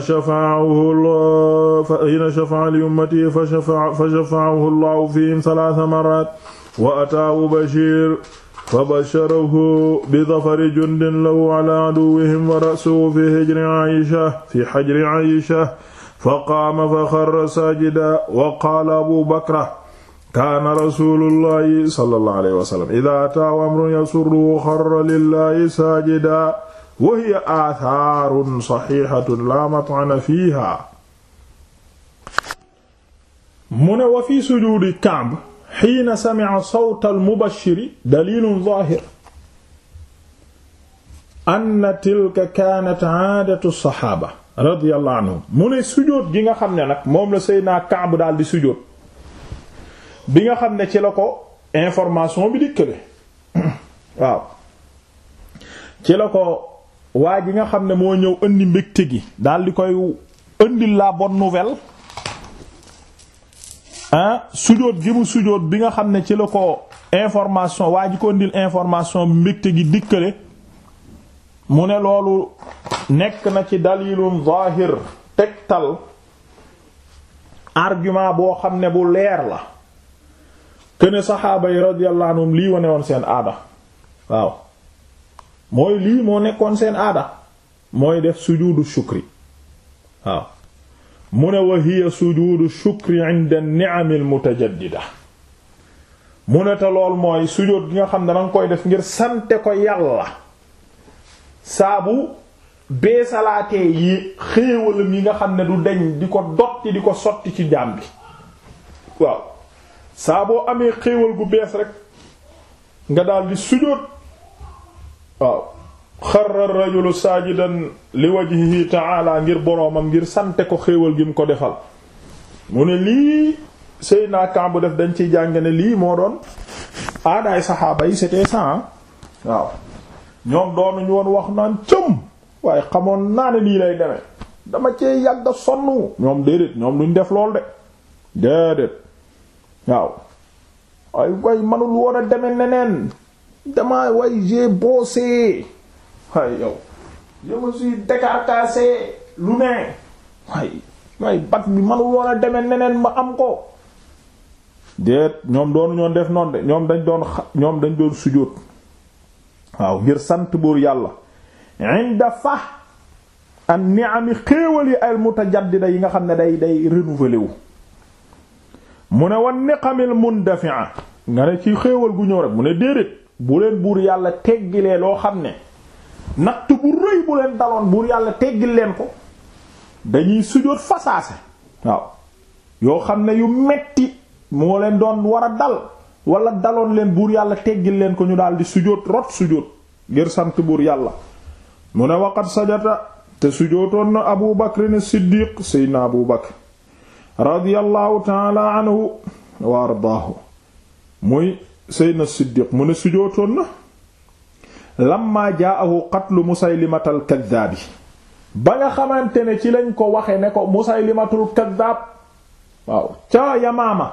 shafa'ahu llahu fihim thalaatha marrat wa ataahu bashir fa basharahu bi dafari jundin lahu ala aduwwihim wa ra'suhu fi hijri aisha fi hijri aisha fa qaama fa xarra saajida wa qaala abu bakra kaana rasulullahi sallallahu alayhi wa sallam idaa ataahu amrun yasurruhu xarra lillahi saajida wa hiya aathaarun saxiixatun laa mat'ana fiihaa mu ne wa fi sujuudi Kaab xiina sami'a sawta al-mubashiri dalilun zaahir anna kaanat aadatu saxaaba radiyallahu anhum mu ne sujóot gi nga xam ne nag moom la Seydina naa daal di sujóot bi nga xam ne ci la ko information bi dikkale waaw ci la ko waa ji nga xam ne moo ñëw indi mbégte gi daal koy indi la bon nouvelle ah sujoot gi mu sujoot bi nga xam ne ci la ko information waa ji ko ndil information mbégte gi dikkale mu ne loolu nekk na ci dalilum zaahir tegtal argument boo xam ne bu leer la këne saxaaba yi radiyallahu anhum lii wane woon seen aada waaw mooy lii moo nekkoon seen aada mooy def sujudu shukri waaw mu ne wa hiya sujuudu shukri inda ni'ami al-mutajaddida mu ne te lool mooy sujóot gi nga xam ne danga koy def ngir sante ko yàlla saabu bee yi xéewalam yi nga xam ne du deñ di ko dotti di ko sotti ci jaam bi waaw saa boo amee xéewal gu bees rek nga daldi sujóot waaw xarra rajulu saajidan li wajhihi ta'ala ngir boroomam ngir sante ko xéewal gi mu ko defal mu ne lii Seydina naa bu def dañ ciy jàng ne lii moo doon aadaay saxaaba yi c'était ça waaw ñoom doonuñu woon wax naan cëm waaye xamoon naa ne lii lay demee dama cee yàgg sonn ñoom déedéet ñoom duñ def lool de déedéet waaw ay way manul woon a deme neneen dama way j'ai bossé waaye yow je me lu ne waaye waaye bac bi manu woon a neneen ma am ko déet ñoom doonu ñoon def noonu de ñoom dañ doon ñoom dañ doon sujjóot waaw ngir sant buur yàlla inda fa an ni'ami xéewal yi al mutajaddida yi nga xam ne day day renouvelé wu mu ne wan niqamil mundafi'a nga ne ci xéewal gu ñëw rek mu ne déedéet bu leen buur yàlla teggilee loo xam ne naxt bu rëy bu leen daloon buur yàlla teggil leen ko dañuy sujóot fasaase waaw yoo xam ne yu metti moo leen doon war dal wala daloon leen buur yàlla teggil leen ko ñu daal di sujóot rot sujóot ngir sant buur yàlla mu ne waqat sajata te sujootoon na abu bakrin siddiq seydna abu bakr radiyallahu taala anhu wa ardaahu muy seydna siddiq mu ne sujootoon na lamma jaahu qatlu musaylimatal kaddaabi ba nga xamante ne ci lañ ko waxe ne ko musaylimatul kaddaab waaw ca yamaama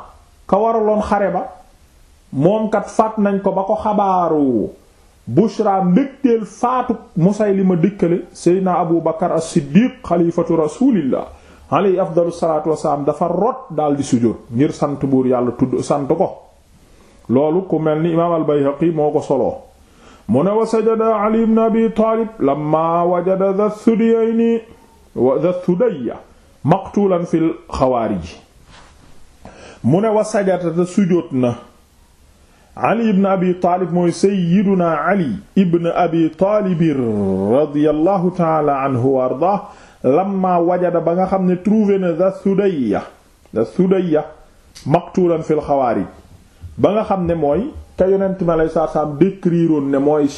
ka waraloon xare ba moomkat kat faat nañ ko ba ko xabaaru bushra mbégteel faatu musaylima dikkale seydina abu bakar as siddiq xalifatu rasulillah alayhi afdalu salaatu wasalaam dafa rot daldi sujjóot ngir sant buur yàlla tudd sant ko loolu ku mel ni imaam al moo ko soloo mu ne wa sajada ali ibn abi taalib lamma wajada dha thudayni wa dha thudayya maqtulan fil xawaariji mu ne wa sajada te sujóot na ali ibn abi taalib mooy sayyiduna ali ibn abi taalib radiyallahu taala anhu wa ardaah lamma wajada ba nga xam ne trouvé na dha thudayya dha thudayya maqtulan fil xawaarij ba nga xam ne mooy ka yonent ma lay saa saam ne mooy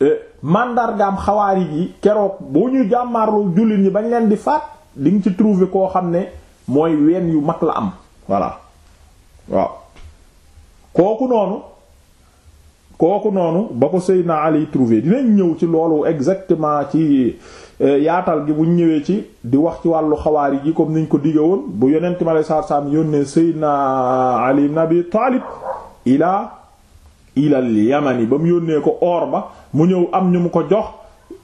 eh, màndargaam xawaari yi keroog boo ñu jàmmaarloo jullit ñi bañ leen di faat di nga ci trouver koo xam ne mooy ween yu mag la am voilà waaw kooku noonu kooku noonu ba ko Seydina Ali trouver dinañ ñëw ci loolu exactement ci eh, yaatal gi buñ ñëwee ci di wax ci wàllu xawaari yi comme niñ ko digge woon bu yonent ma lay saa saam yónnee Seydina Ali ibn Abi ilaa ilal yamani ba mu yónnee ko or ba mu ñëw am ñu mu ko jox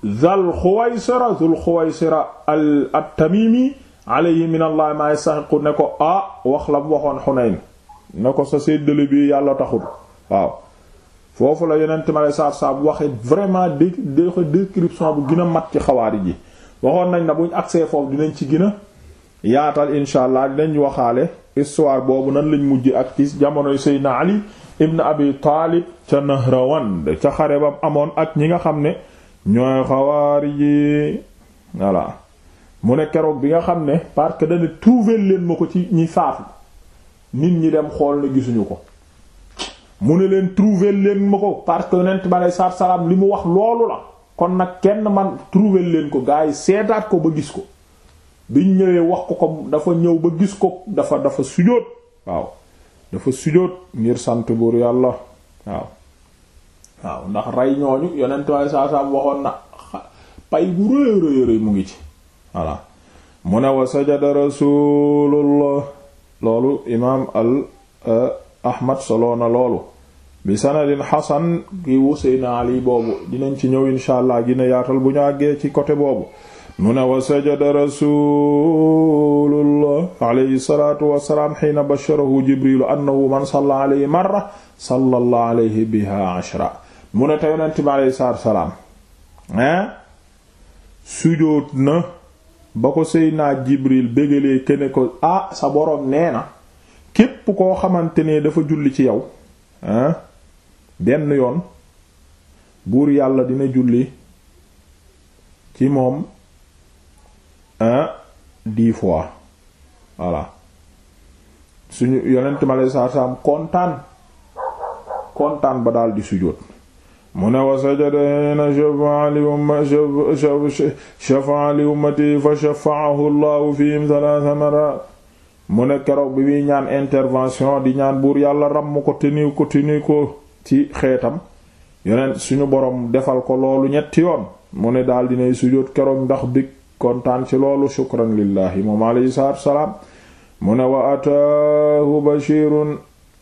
zal xuwaysira zul xuwaysira al at-tamimi alayhi min allah ma yastahiqu ne ko ah wax la mu waxoon xunayn ne ko sa séddale bi yàlla taxul waaw foofu la yeneen ma lay saab saab waxe vraiment dé description bu gën a mat ci xawaari ji waxoon nañ na buñ agsee foofu dinañ ci gën a yaatal insha allah dinañ waxaale histoire boobu nan lañ mujj ak ci jamonoy Seydina Ali ibn abi taalib ca nahrawand ca xare bam amoon ak ñi nga xam ne ñooy xawaari yi voilà mu ne keroog bi nga xam ne parce que dana trouver leen ma ko ci ñi faatu nit ñi dem xool na gisuñu ko mu ne leen trouver leen ma ko parce que yonent bi aleyhi salaatu salaam li mu wax loolu la kon nag kenn man trouver leen ko gaa yi seetaat ko ba gis ko biñ ñëwee wax ko ko dafa ñëw ba gis ko dafa dafa sujjóot waaw dafa sujoot ngir sant buur yàlla waaw waaw ndax rey ñooñu yonent waaye saasaam waxoon na pay bu rëy rëy rëy mu ngi ci voilà mu ne wa sajada rasulullah loolu imaam al eh, ahmad soloo na loolu bi sanadin xasan ki wuseyna ali boobu dinañ ci ñëw insha allah gina yaatal bu ñu àggee ci côté boobu mu ne wa sajada rasulullah alayhi salatu wasalaam xiina basharahu jibrilu annahu man salla alayhi marra salla allah alayhi biha ashra mu ne te yonent bi alayhi salaatu wasalaam hein na ba ko Seydina Jibril bégalee kene ko ah sa boroom nee na képp koo xamante ne dafa julli ci yow benn yoon buur yàlla dina julli ci moom un dix fois voilà suñu yonent ma ba daal di sujjóot mu ne wa sajada na shafa'a li ummati fa shafa'ahu Allahu fihim mu ne keroog bi muy ñaan intervention di ñaan buur yàlla ramm ko teniw ko ko ci xeetam yonent suñu boroom defal ko loolu ñetti yoon mu ne daal dinay sujjóot keroog ndax big kon kontaan ci loolu shukran lillahi moom alayhi salaatu wasalaam mu ne wa ataahu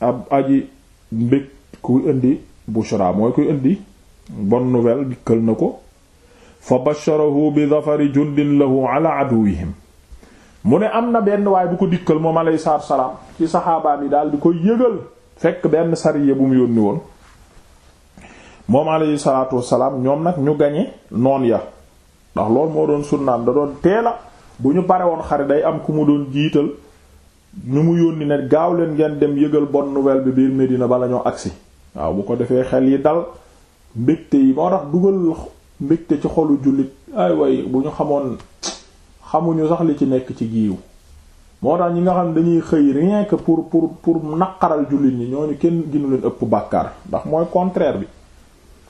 ab aji mbég kuy indi bushra mooy kuy indi bonne nouvelle dikkal na ko fa basharahu bi zafari jundin lahu ala aduwihim mu ne am na benn waay bu ko dikkal moom alayhi salaatu ci saxaabaam yi daal di koy yëgal fekk benn sariya bu mu yónni woon moom alayhi salaatu wasalaam ñoom nag ñu gañe noon ya ndax loolu moo doon sunnaam da doon teela bu ñu pare woon xare day am ku mu doon jiital ñu mu yónni ne gaaw leen ngeen dem yëgal bonne nouvelle bi biir Medina bala ñoo agsi waaw bu ko defee xel yi dal mbégte yi moo tax dugal mbégte ci xolu jullit ay way bu ñu xamoon xamuñu sax li ci nekk ci giiw moo tax ñi nga xam dañuy xëy rien que pour pour pour naqaral jullit ñi ñooñu kenn ginu leen ëpp bàkkaar ndax mooy contraire bi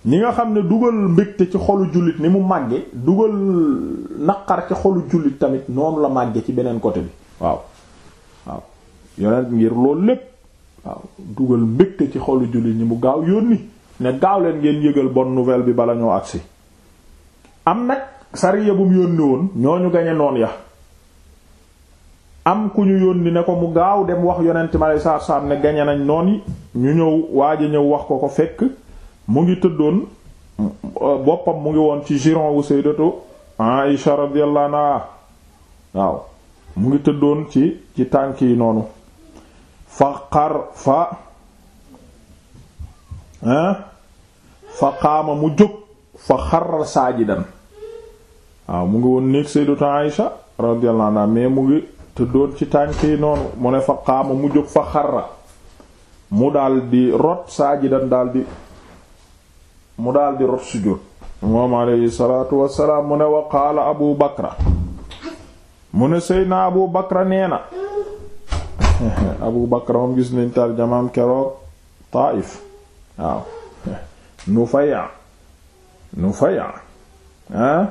ñi nga xam ne dugal mbégte ci xolu jullit ni mu màgge dugal naqar ci xolu jullit tamit noonu la màgge ci beneen côté bi waaw waaw yonent ngir loolu lépp waaw dugal mbégte ci xolu jullit ñi mu gaaw yónni ne gaaw ngeen yëgal bon nouvelle bi bala ñoo agsi am nag sariya bu mu yónni woon ñooñu gañe noon ya am ku ñu yónni ne ko mu gaaw dem wax yonent ma lay saar ne gañe nañ noon yi ñu ñëw waaj a ñëw wax ko ko fekk mu ngi tëddoon boppam mu ngi woon ci giron wu sayyidatu Aisha radiyallahu anha waaw mu ngi tëddoon ci ci tànk yi noonu fa xar fa fa xaama mu jóg fa xarra saajidan waaw mu ngi woon néeg sayyidatu Aisha radiyallahu anha mais mu ngi tëddoon ci tànk yi noonu mu ne fa xaama mu jóg fa xarra mu daldi rot saajidan daldi mu daal di rot sujjóot moom alayhi salaatu wassalaam mu ne wa qaala abu bakra mu ne seydna abu bakra nee na abu bakra moom gis nañ tarjamaam keroog taaif waaw nufaya nufaya ah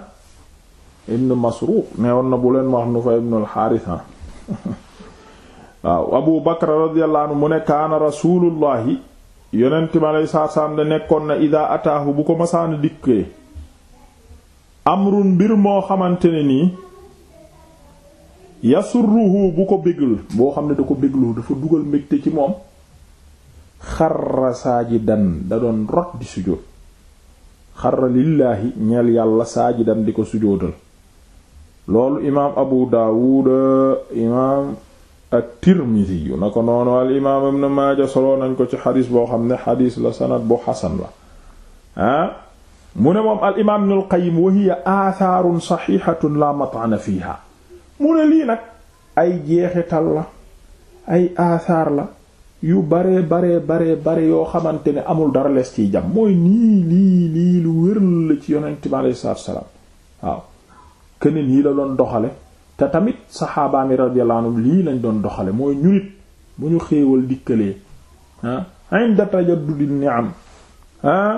ibn masruq nee woon na bu leen wax nufaya ibn alxaarisa waaw abu bakra radiyallahu anhu mu ne kaana rasuulullahi yonent mi aleyhi salaatu da nekkoon na ida ataahu bu ko masaana dikkee amrun mbir moo xamante ne nii yasurruhu bu ko bégal boo xam ne da ko béglu dafa dugal mbégte ci moom xarra saajidan da doon rot di sujjóot xarra lillaahi ñeel yàlla saajidan di ko sujjóotal loolu imaam abu daawuda imaam at-Tirmidhi na ko noonu al imaam ibn Maaja soloo nañ ko ci xadis boo xam ne xadis la sanad bu xasan la ah mu ne moom al imaam Ibnul wa hiya aathaarun saxiixatun la mat'ana fiiha mu ne lii nag ay jeexital la ay aathaar la yu bare bare bare bare yoo xamante ne amul dara lees ciy jam mooy nii lii lii lu wér la ci yonent bi alayhi salaam waaw keneen yi la doon doxale te tamit saxaabaami radiyallahu anhum lii lañ doon doxale mooy ñu nit bu ñu xéewal dikkalee ah inda tajaddudi ni'am ah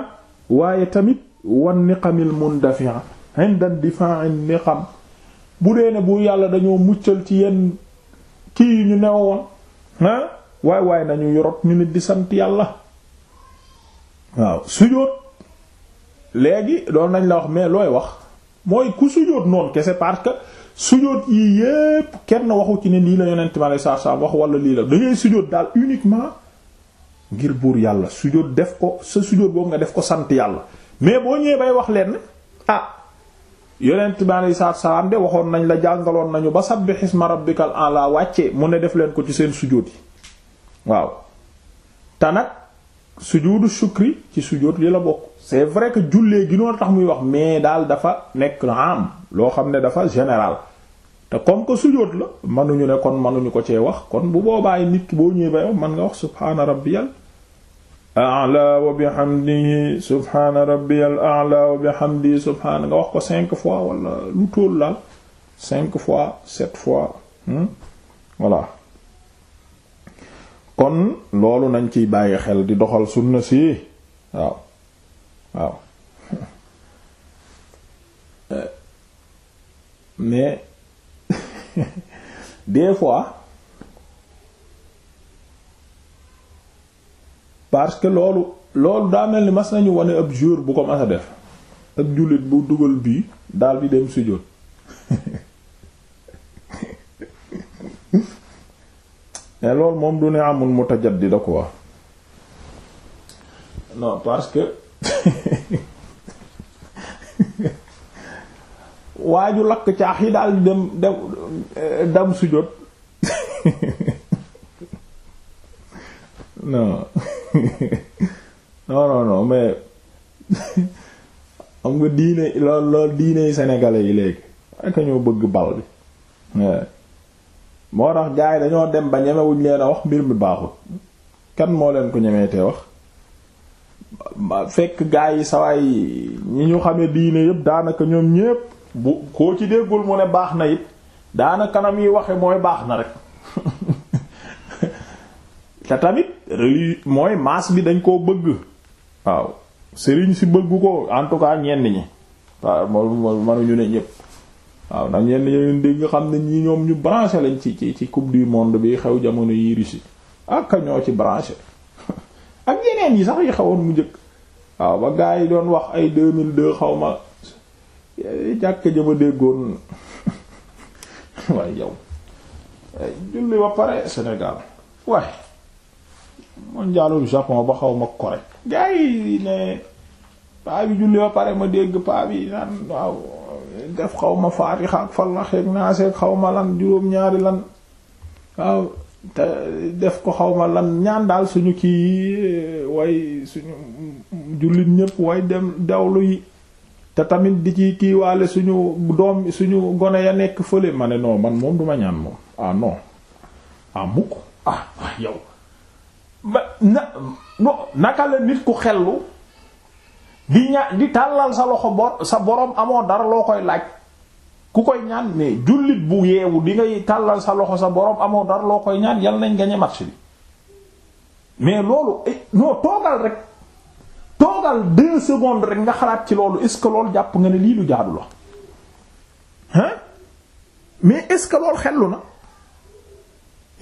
waaye tamit wan niqamil mundafi'a inda difa'i xam bu dee ne bu yàlla dañoo muccal ci yenn kii yu ñu newoon ah waay waaye nañu yorot ñu nit di sant yàlla waaw sujóot léegi loolu nañ la wax mais looy wax mooy ku sujóot noonu kese parce que sujjóot yii yépp kenn waxu ci ne lii la yonent ma lay saar-saam wax wala lii la da ngay sujjóot daal uniquement ngir buur yàlla sujjóot def ko sa sujjóot boobu nga def ko sant yàlla mais boo ñëwee bay wax leen ah yonent ma yi saar-saam de waxoon nañ la jàngaloon nañu ba sabbih isma rabbikal a'la wàcce mu ne def leen ko ci seen sujjóot yi waaw te nag sujjóotu shukri ci sujjóot li la bokk c'est vrai que jullee gi noonu tax muy wax mais daal dafa nekk am loo xam ne dafa général te comme que sujjóot la mënuñu ne kon mënuñu ko cee wax kon bu boobaay nit ki boo ñuy ba yow mën nga wax subhaana rabbiyal a'la wa bihamdihi subhaana rabbiyal a'la wa bihamdihi subhaana nga wax ko cinq fois wala lu tóol laal cinq fois sept fois hmm? voilà kon loolu nañ ci bàyyi xel di doxal sunna si waaw waaw eh, mais des fois parce que loolu loolu daa mel ni mas nañu wane ab jour bu ko mas a def ak jullit bu dugal bii daal di dem sujjóot mais loolu moom du ne amul mutajaddid quoi non parce que waaju lakk caax yi daal di dem dem Euh, dam sujjóot non non non non mais nga diine lool lool diine sénégalais yi léegi aka ñoo bëgg moo tax gars dañoo dem ba ñemewuñ leen a wax mbir mi baaxut kan moo leen ko ñemee wax fekk gars yi saway ñi ñu xame diine yépp daanaka ñoom ñépp bu koo ci déggul mu ne baax na it daana kanam yi waxe mooy baax na rek te tamit reli mooy maas bi dañ koo bëgg waaw sëriñ si bëgg ko en tout cas ñenn ñi waaw moom manuñu ne ñëpp waaw ndax ñenn ñi dégg xam ne ñi ñoom ñu branché lañ ci ci ci coupe du monde bi xew jamono yi Russie ak ah, ñoo ci branché ak yeneen yi sax yi xewoon mu njëkk waaw ba gaa yi doon wax ay 2002 xaw ma jàkk jëma déggoon waaye jaw julli ba pare Sénégal waaye mondialul Japon ba xaw ma Corée gars yi ne paa julli ba pare ma dégg paa naan waaw def xaw ma faatixa ak fallaxeeg naaseeg xaw ma lan juróom-ñaari lan waaw te def ko xaw ma lan ñaan daal suñu kii eh, way suñu jullit ñépp way dem dawlu yi te tamit di ci kiiwaale suñu doom suñu gone ya nekk fële ma ne non man moom duma ñaan moom ah non ah mukk ah yow na naka la nit ku xellu di ña di tàllal sa loxo borom amoo dara loo koy laaj ku koy ñaan ne jullit bu yeewu di ngay tàllal sa loxo sa borom amoo dara loo koy ñaan yal nañ gañe match bi mais loolu eh, non toogal rek. toogal deux secondes rek nga xalaat ci loolu est-ce que loolu jàpp nga ne lii lu jaadu la hein mais est-ce que na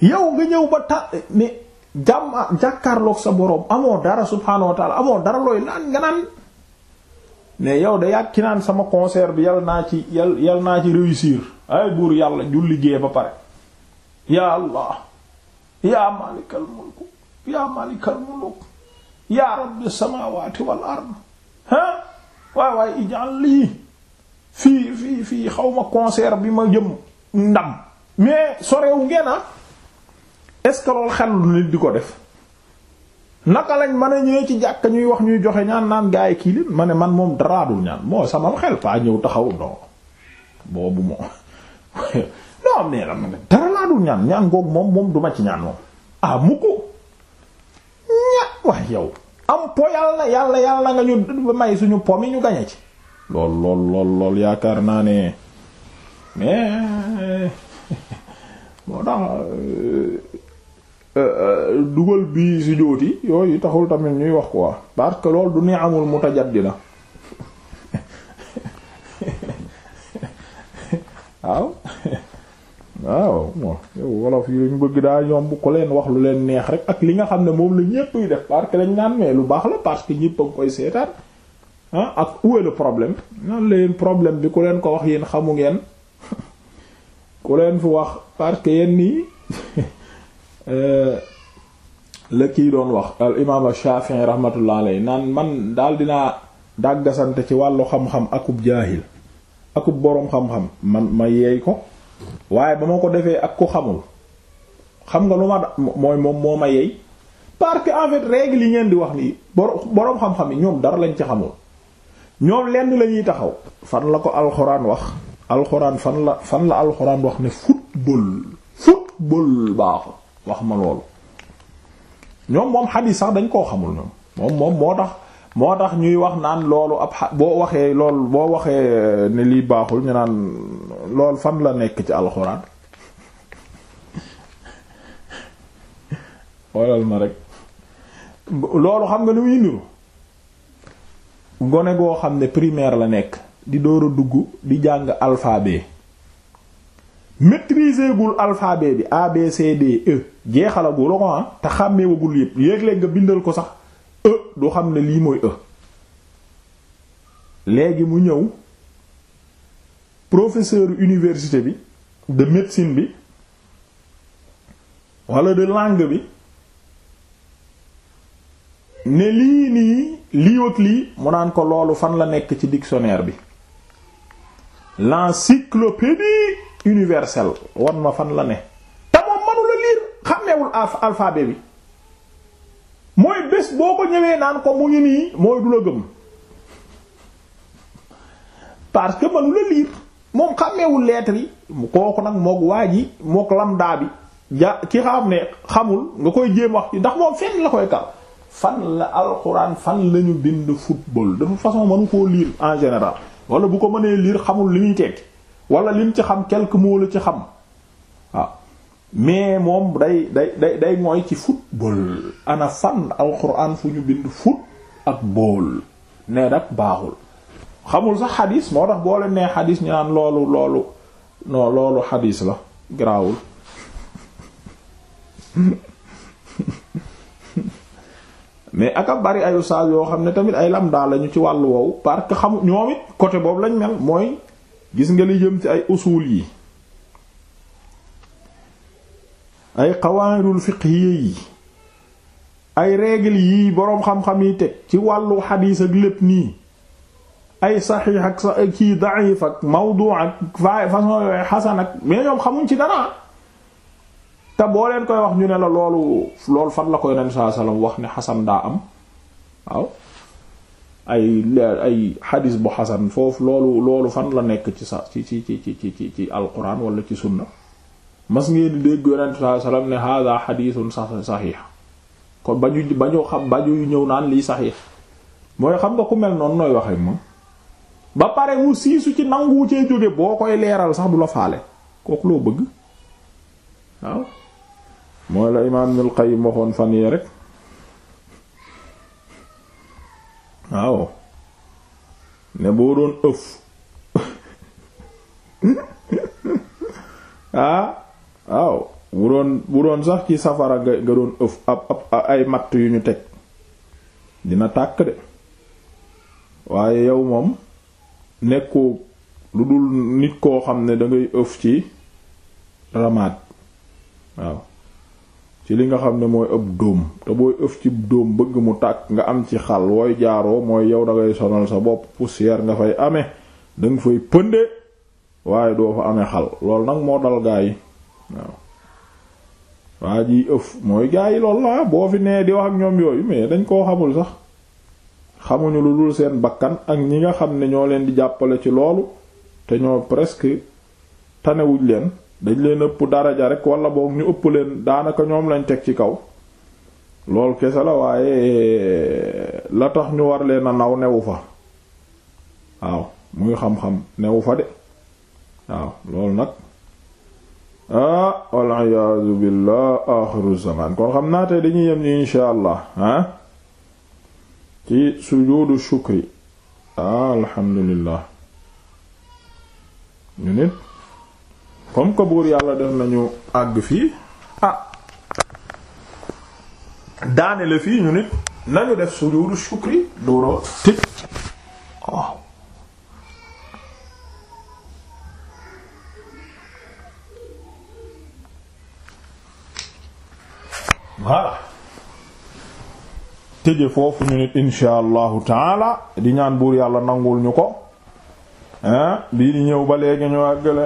yow nga ñëw ba ta mais jàmm jàkkaarloog sa boroom amoo dara subhaanahu wa amoo dara looy naan nga naan mais yow da yàgg ki naan sama concert bi yal naa ci yal naa ci réussir ay buur yàlla julli gee ba pare ya allah ya malikal mulk ya malikal mulk yaa sama samawati wal ard ah waay waay ijal lii fii fii fii xaw ma concert bi ma jëm ndam mais sorewu ngeena est-ce que loolu nit di ko def naka lañ mën a ñëwee ci jàkk ñuy wax ñuy joxe ñaan naan gaay kii leen ma ne man moom daraadul ñaan moo sama xel paa ñëw taxaw non boobu dara laa dul ñaan moom moom duma ci ñaan moom ah mukk wax yow am po yàlla yàlla yàlla nga ñu may suñu po mi ñu gañe ci lool lool lool yaakaar naa ne mais moo tax euh, euh, dugal bi si jóoti yooyu taxul tamit ñuy wax quoi parce que loolu du ne amul mutajaddida waaw waaw yow wolof yi ñu bëgg daa yomb ku leen wax lu leen neex rek ak li nga xam ne moom la ñépp yi def parce que dañ naan mais lu baax la parce que ñépp a ngi koy seetaan ah, ak où est le problème nan la yéen problème bi ku leen ko wax yéen xamu ngeen ku leen fu wax parce que yéen nii euh, la kii doon wax al imaam Shafi'i rahmatullah alayhi naan man daal dinaa dàggasante ci wàllu xam-xam akub jaahil akub boroom xam-xam man ma yeey ko waaye ba ma ko defee ak ku xamul xam nga lu ma mooy moom moo ma yey parce que règle yi ngeen di wax nii boroom xam-xam yi ñoom dara lañ ci xamul ñoom lenn la ñuy taxaw fan la ko alxuraan wax alxuraan fan la fan la alxuraan wax ne football football baaxul wax ma loolu ñoom moom xadiis sax dañ koo xamul ñoom moom moom moo tax moo tax ñuy wax naan loolu ab xa boo waxee lool boo waxee euh, ne lii baaxul ñu naan loolu fan la nekk ci alxuraan xoolal ma rek loolu xam nga lu muy niru gone goo xam ne primaire la nekk di door a dugg di jàng alphabet maîtriser gul alphabet bi A B C D E jeexalagul ko ah, te xàmmeewagul yépp léeg-léeg nga bindal ko sax. e du xam ne lii mooy e léegi mu ñëw professeur université bi de médecine bi wala de langue bi ne lii nii lii lii mu naan ko loolu fan la nekk ci dictionnaire bi l'encyclopédie universelle wan ma fan la ne te moom mënula lire xàmmeewul bi mooy bés boo ko ñëwee naan ko mu ngi nii mooy du la gëm parce que manu liir moom xàmmeewul lettre kooku nag mook waa ji mook lamda bi ja ki xam ne xamul nga koy jéem wax ndax moom fenn la koy kal fan la alxuraan fan lañu bind football dafa façon mënu koo liir en général wala bu ko mënee liir xamul li muy tekki wala lim ci xam quelques mots la ci xam waaw mais moom day day day day mooy ci football ana fan alquran fu ñu bind foot ak bool ne nag baaxul xamul sax xadiis moo tax boo leen nee xadis ñu naan loolu loolu non loolu xadis la garaawul mais aka bari ayu saag yoo xam ne tamit ay lamda lañu ci wàllu woowu parce que xamu ñoom it côté boobu lañ mel mooy gis nga li jëm ci ay usul yi ay qawaayidul fiqhiyya yi ay règle yii boroom xam-xam yi teg ci wàllu xadiis ak lépp nii ay saxiix ak sa kii daif ak mawdu ak façon yooyu xasan ak mais ñoom xamuñ ci dara te boo leen koy wax ñu ne la loolu lool fan la koy nabi sallallahu alayhi wax ne xasan ndaa am waaw ay ay xadiis bu xasan foofu loolu loolu fan la nekk ci sa ci ci ci ci ci ci alquran wala ci sunna mas ngeen di dégg yonent sallallahu alayhi wasallam saxiix kon ba ñu ba ñu xam ba ñu ñëw naan lii saxiix mooy xam nga ku mel noonu nooy waxee moom ba pare mu siisu ci nangu cee jóge boo koy leeral sax bu la faale kooku loo bëgg waaw mooy la imaam Ibnul Qayyim waxoon fan yee rek waaw ne boo doon ëf ah waaw bu doon bu doon sax ci safara nga nga doon ëf ab ab ay matt yu ñu teg dina tàkk de waaye yow moom nekkoo lu dul nit koo xam ne dangay ëf ci ramaat waaw ci li nga xam ne mooy ëpp doom te booy ëf ci dóom bëgg mu tàkk nga am ci xal wooy jaaroo mooy yow dangay sonal sa bopp poussière nga fay amee danga fay pënde waaye doo fa amee xal loolu nag moo dal gaa yi waaw waa ji ëf mooy gaa yi loolu la boo fi nee di wax ak ñoom yooyu mais dañ koo xamul sax xamuñu lu dul seen bakkan ak ñi nga xam ne ñoo leen di jàppale ci loolu te ñoo presque tanewuñ leen dañ leen ëpp dara ja rek wala boog ñu ëpp leen daanaka ñoom lañ teg ci kaw loolu kese la waaye la tax ñu war leen a naw newu fa waaw muy xam-xam newu fa de waaw loolu nag ah waliyasu billah axiru zaman kon xam naa tey dañuy yem ni insha allah ah ci sujudu shukri ah alhamdulillah ñu nit comme que buur yàlla def nañu àgg fii ah daane fii ñu nit nañu def sujudu shukri dooro tëj waaw oh. voilà tëje foofu ñu insha allahu taala di ñaan buur yàlla nangul ñu ko ah bii di ñëw ba léegi ñu àggale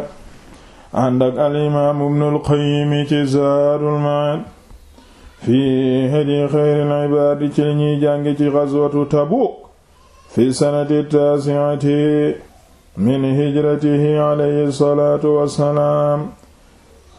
ànd ak al imaam ibnul qayyim ci zaadul ma'ad fi hadi xayril ibaad ci li ñuy jàngi ci fi sanati taasi'ati min hijratihi alayhi salaatu wassalaam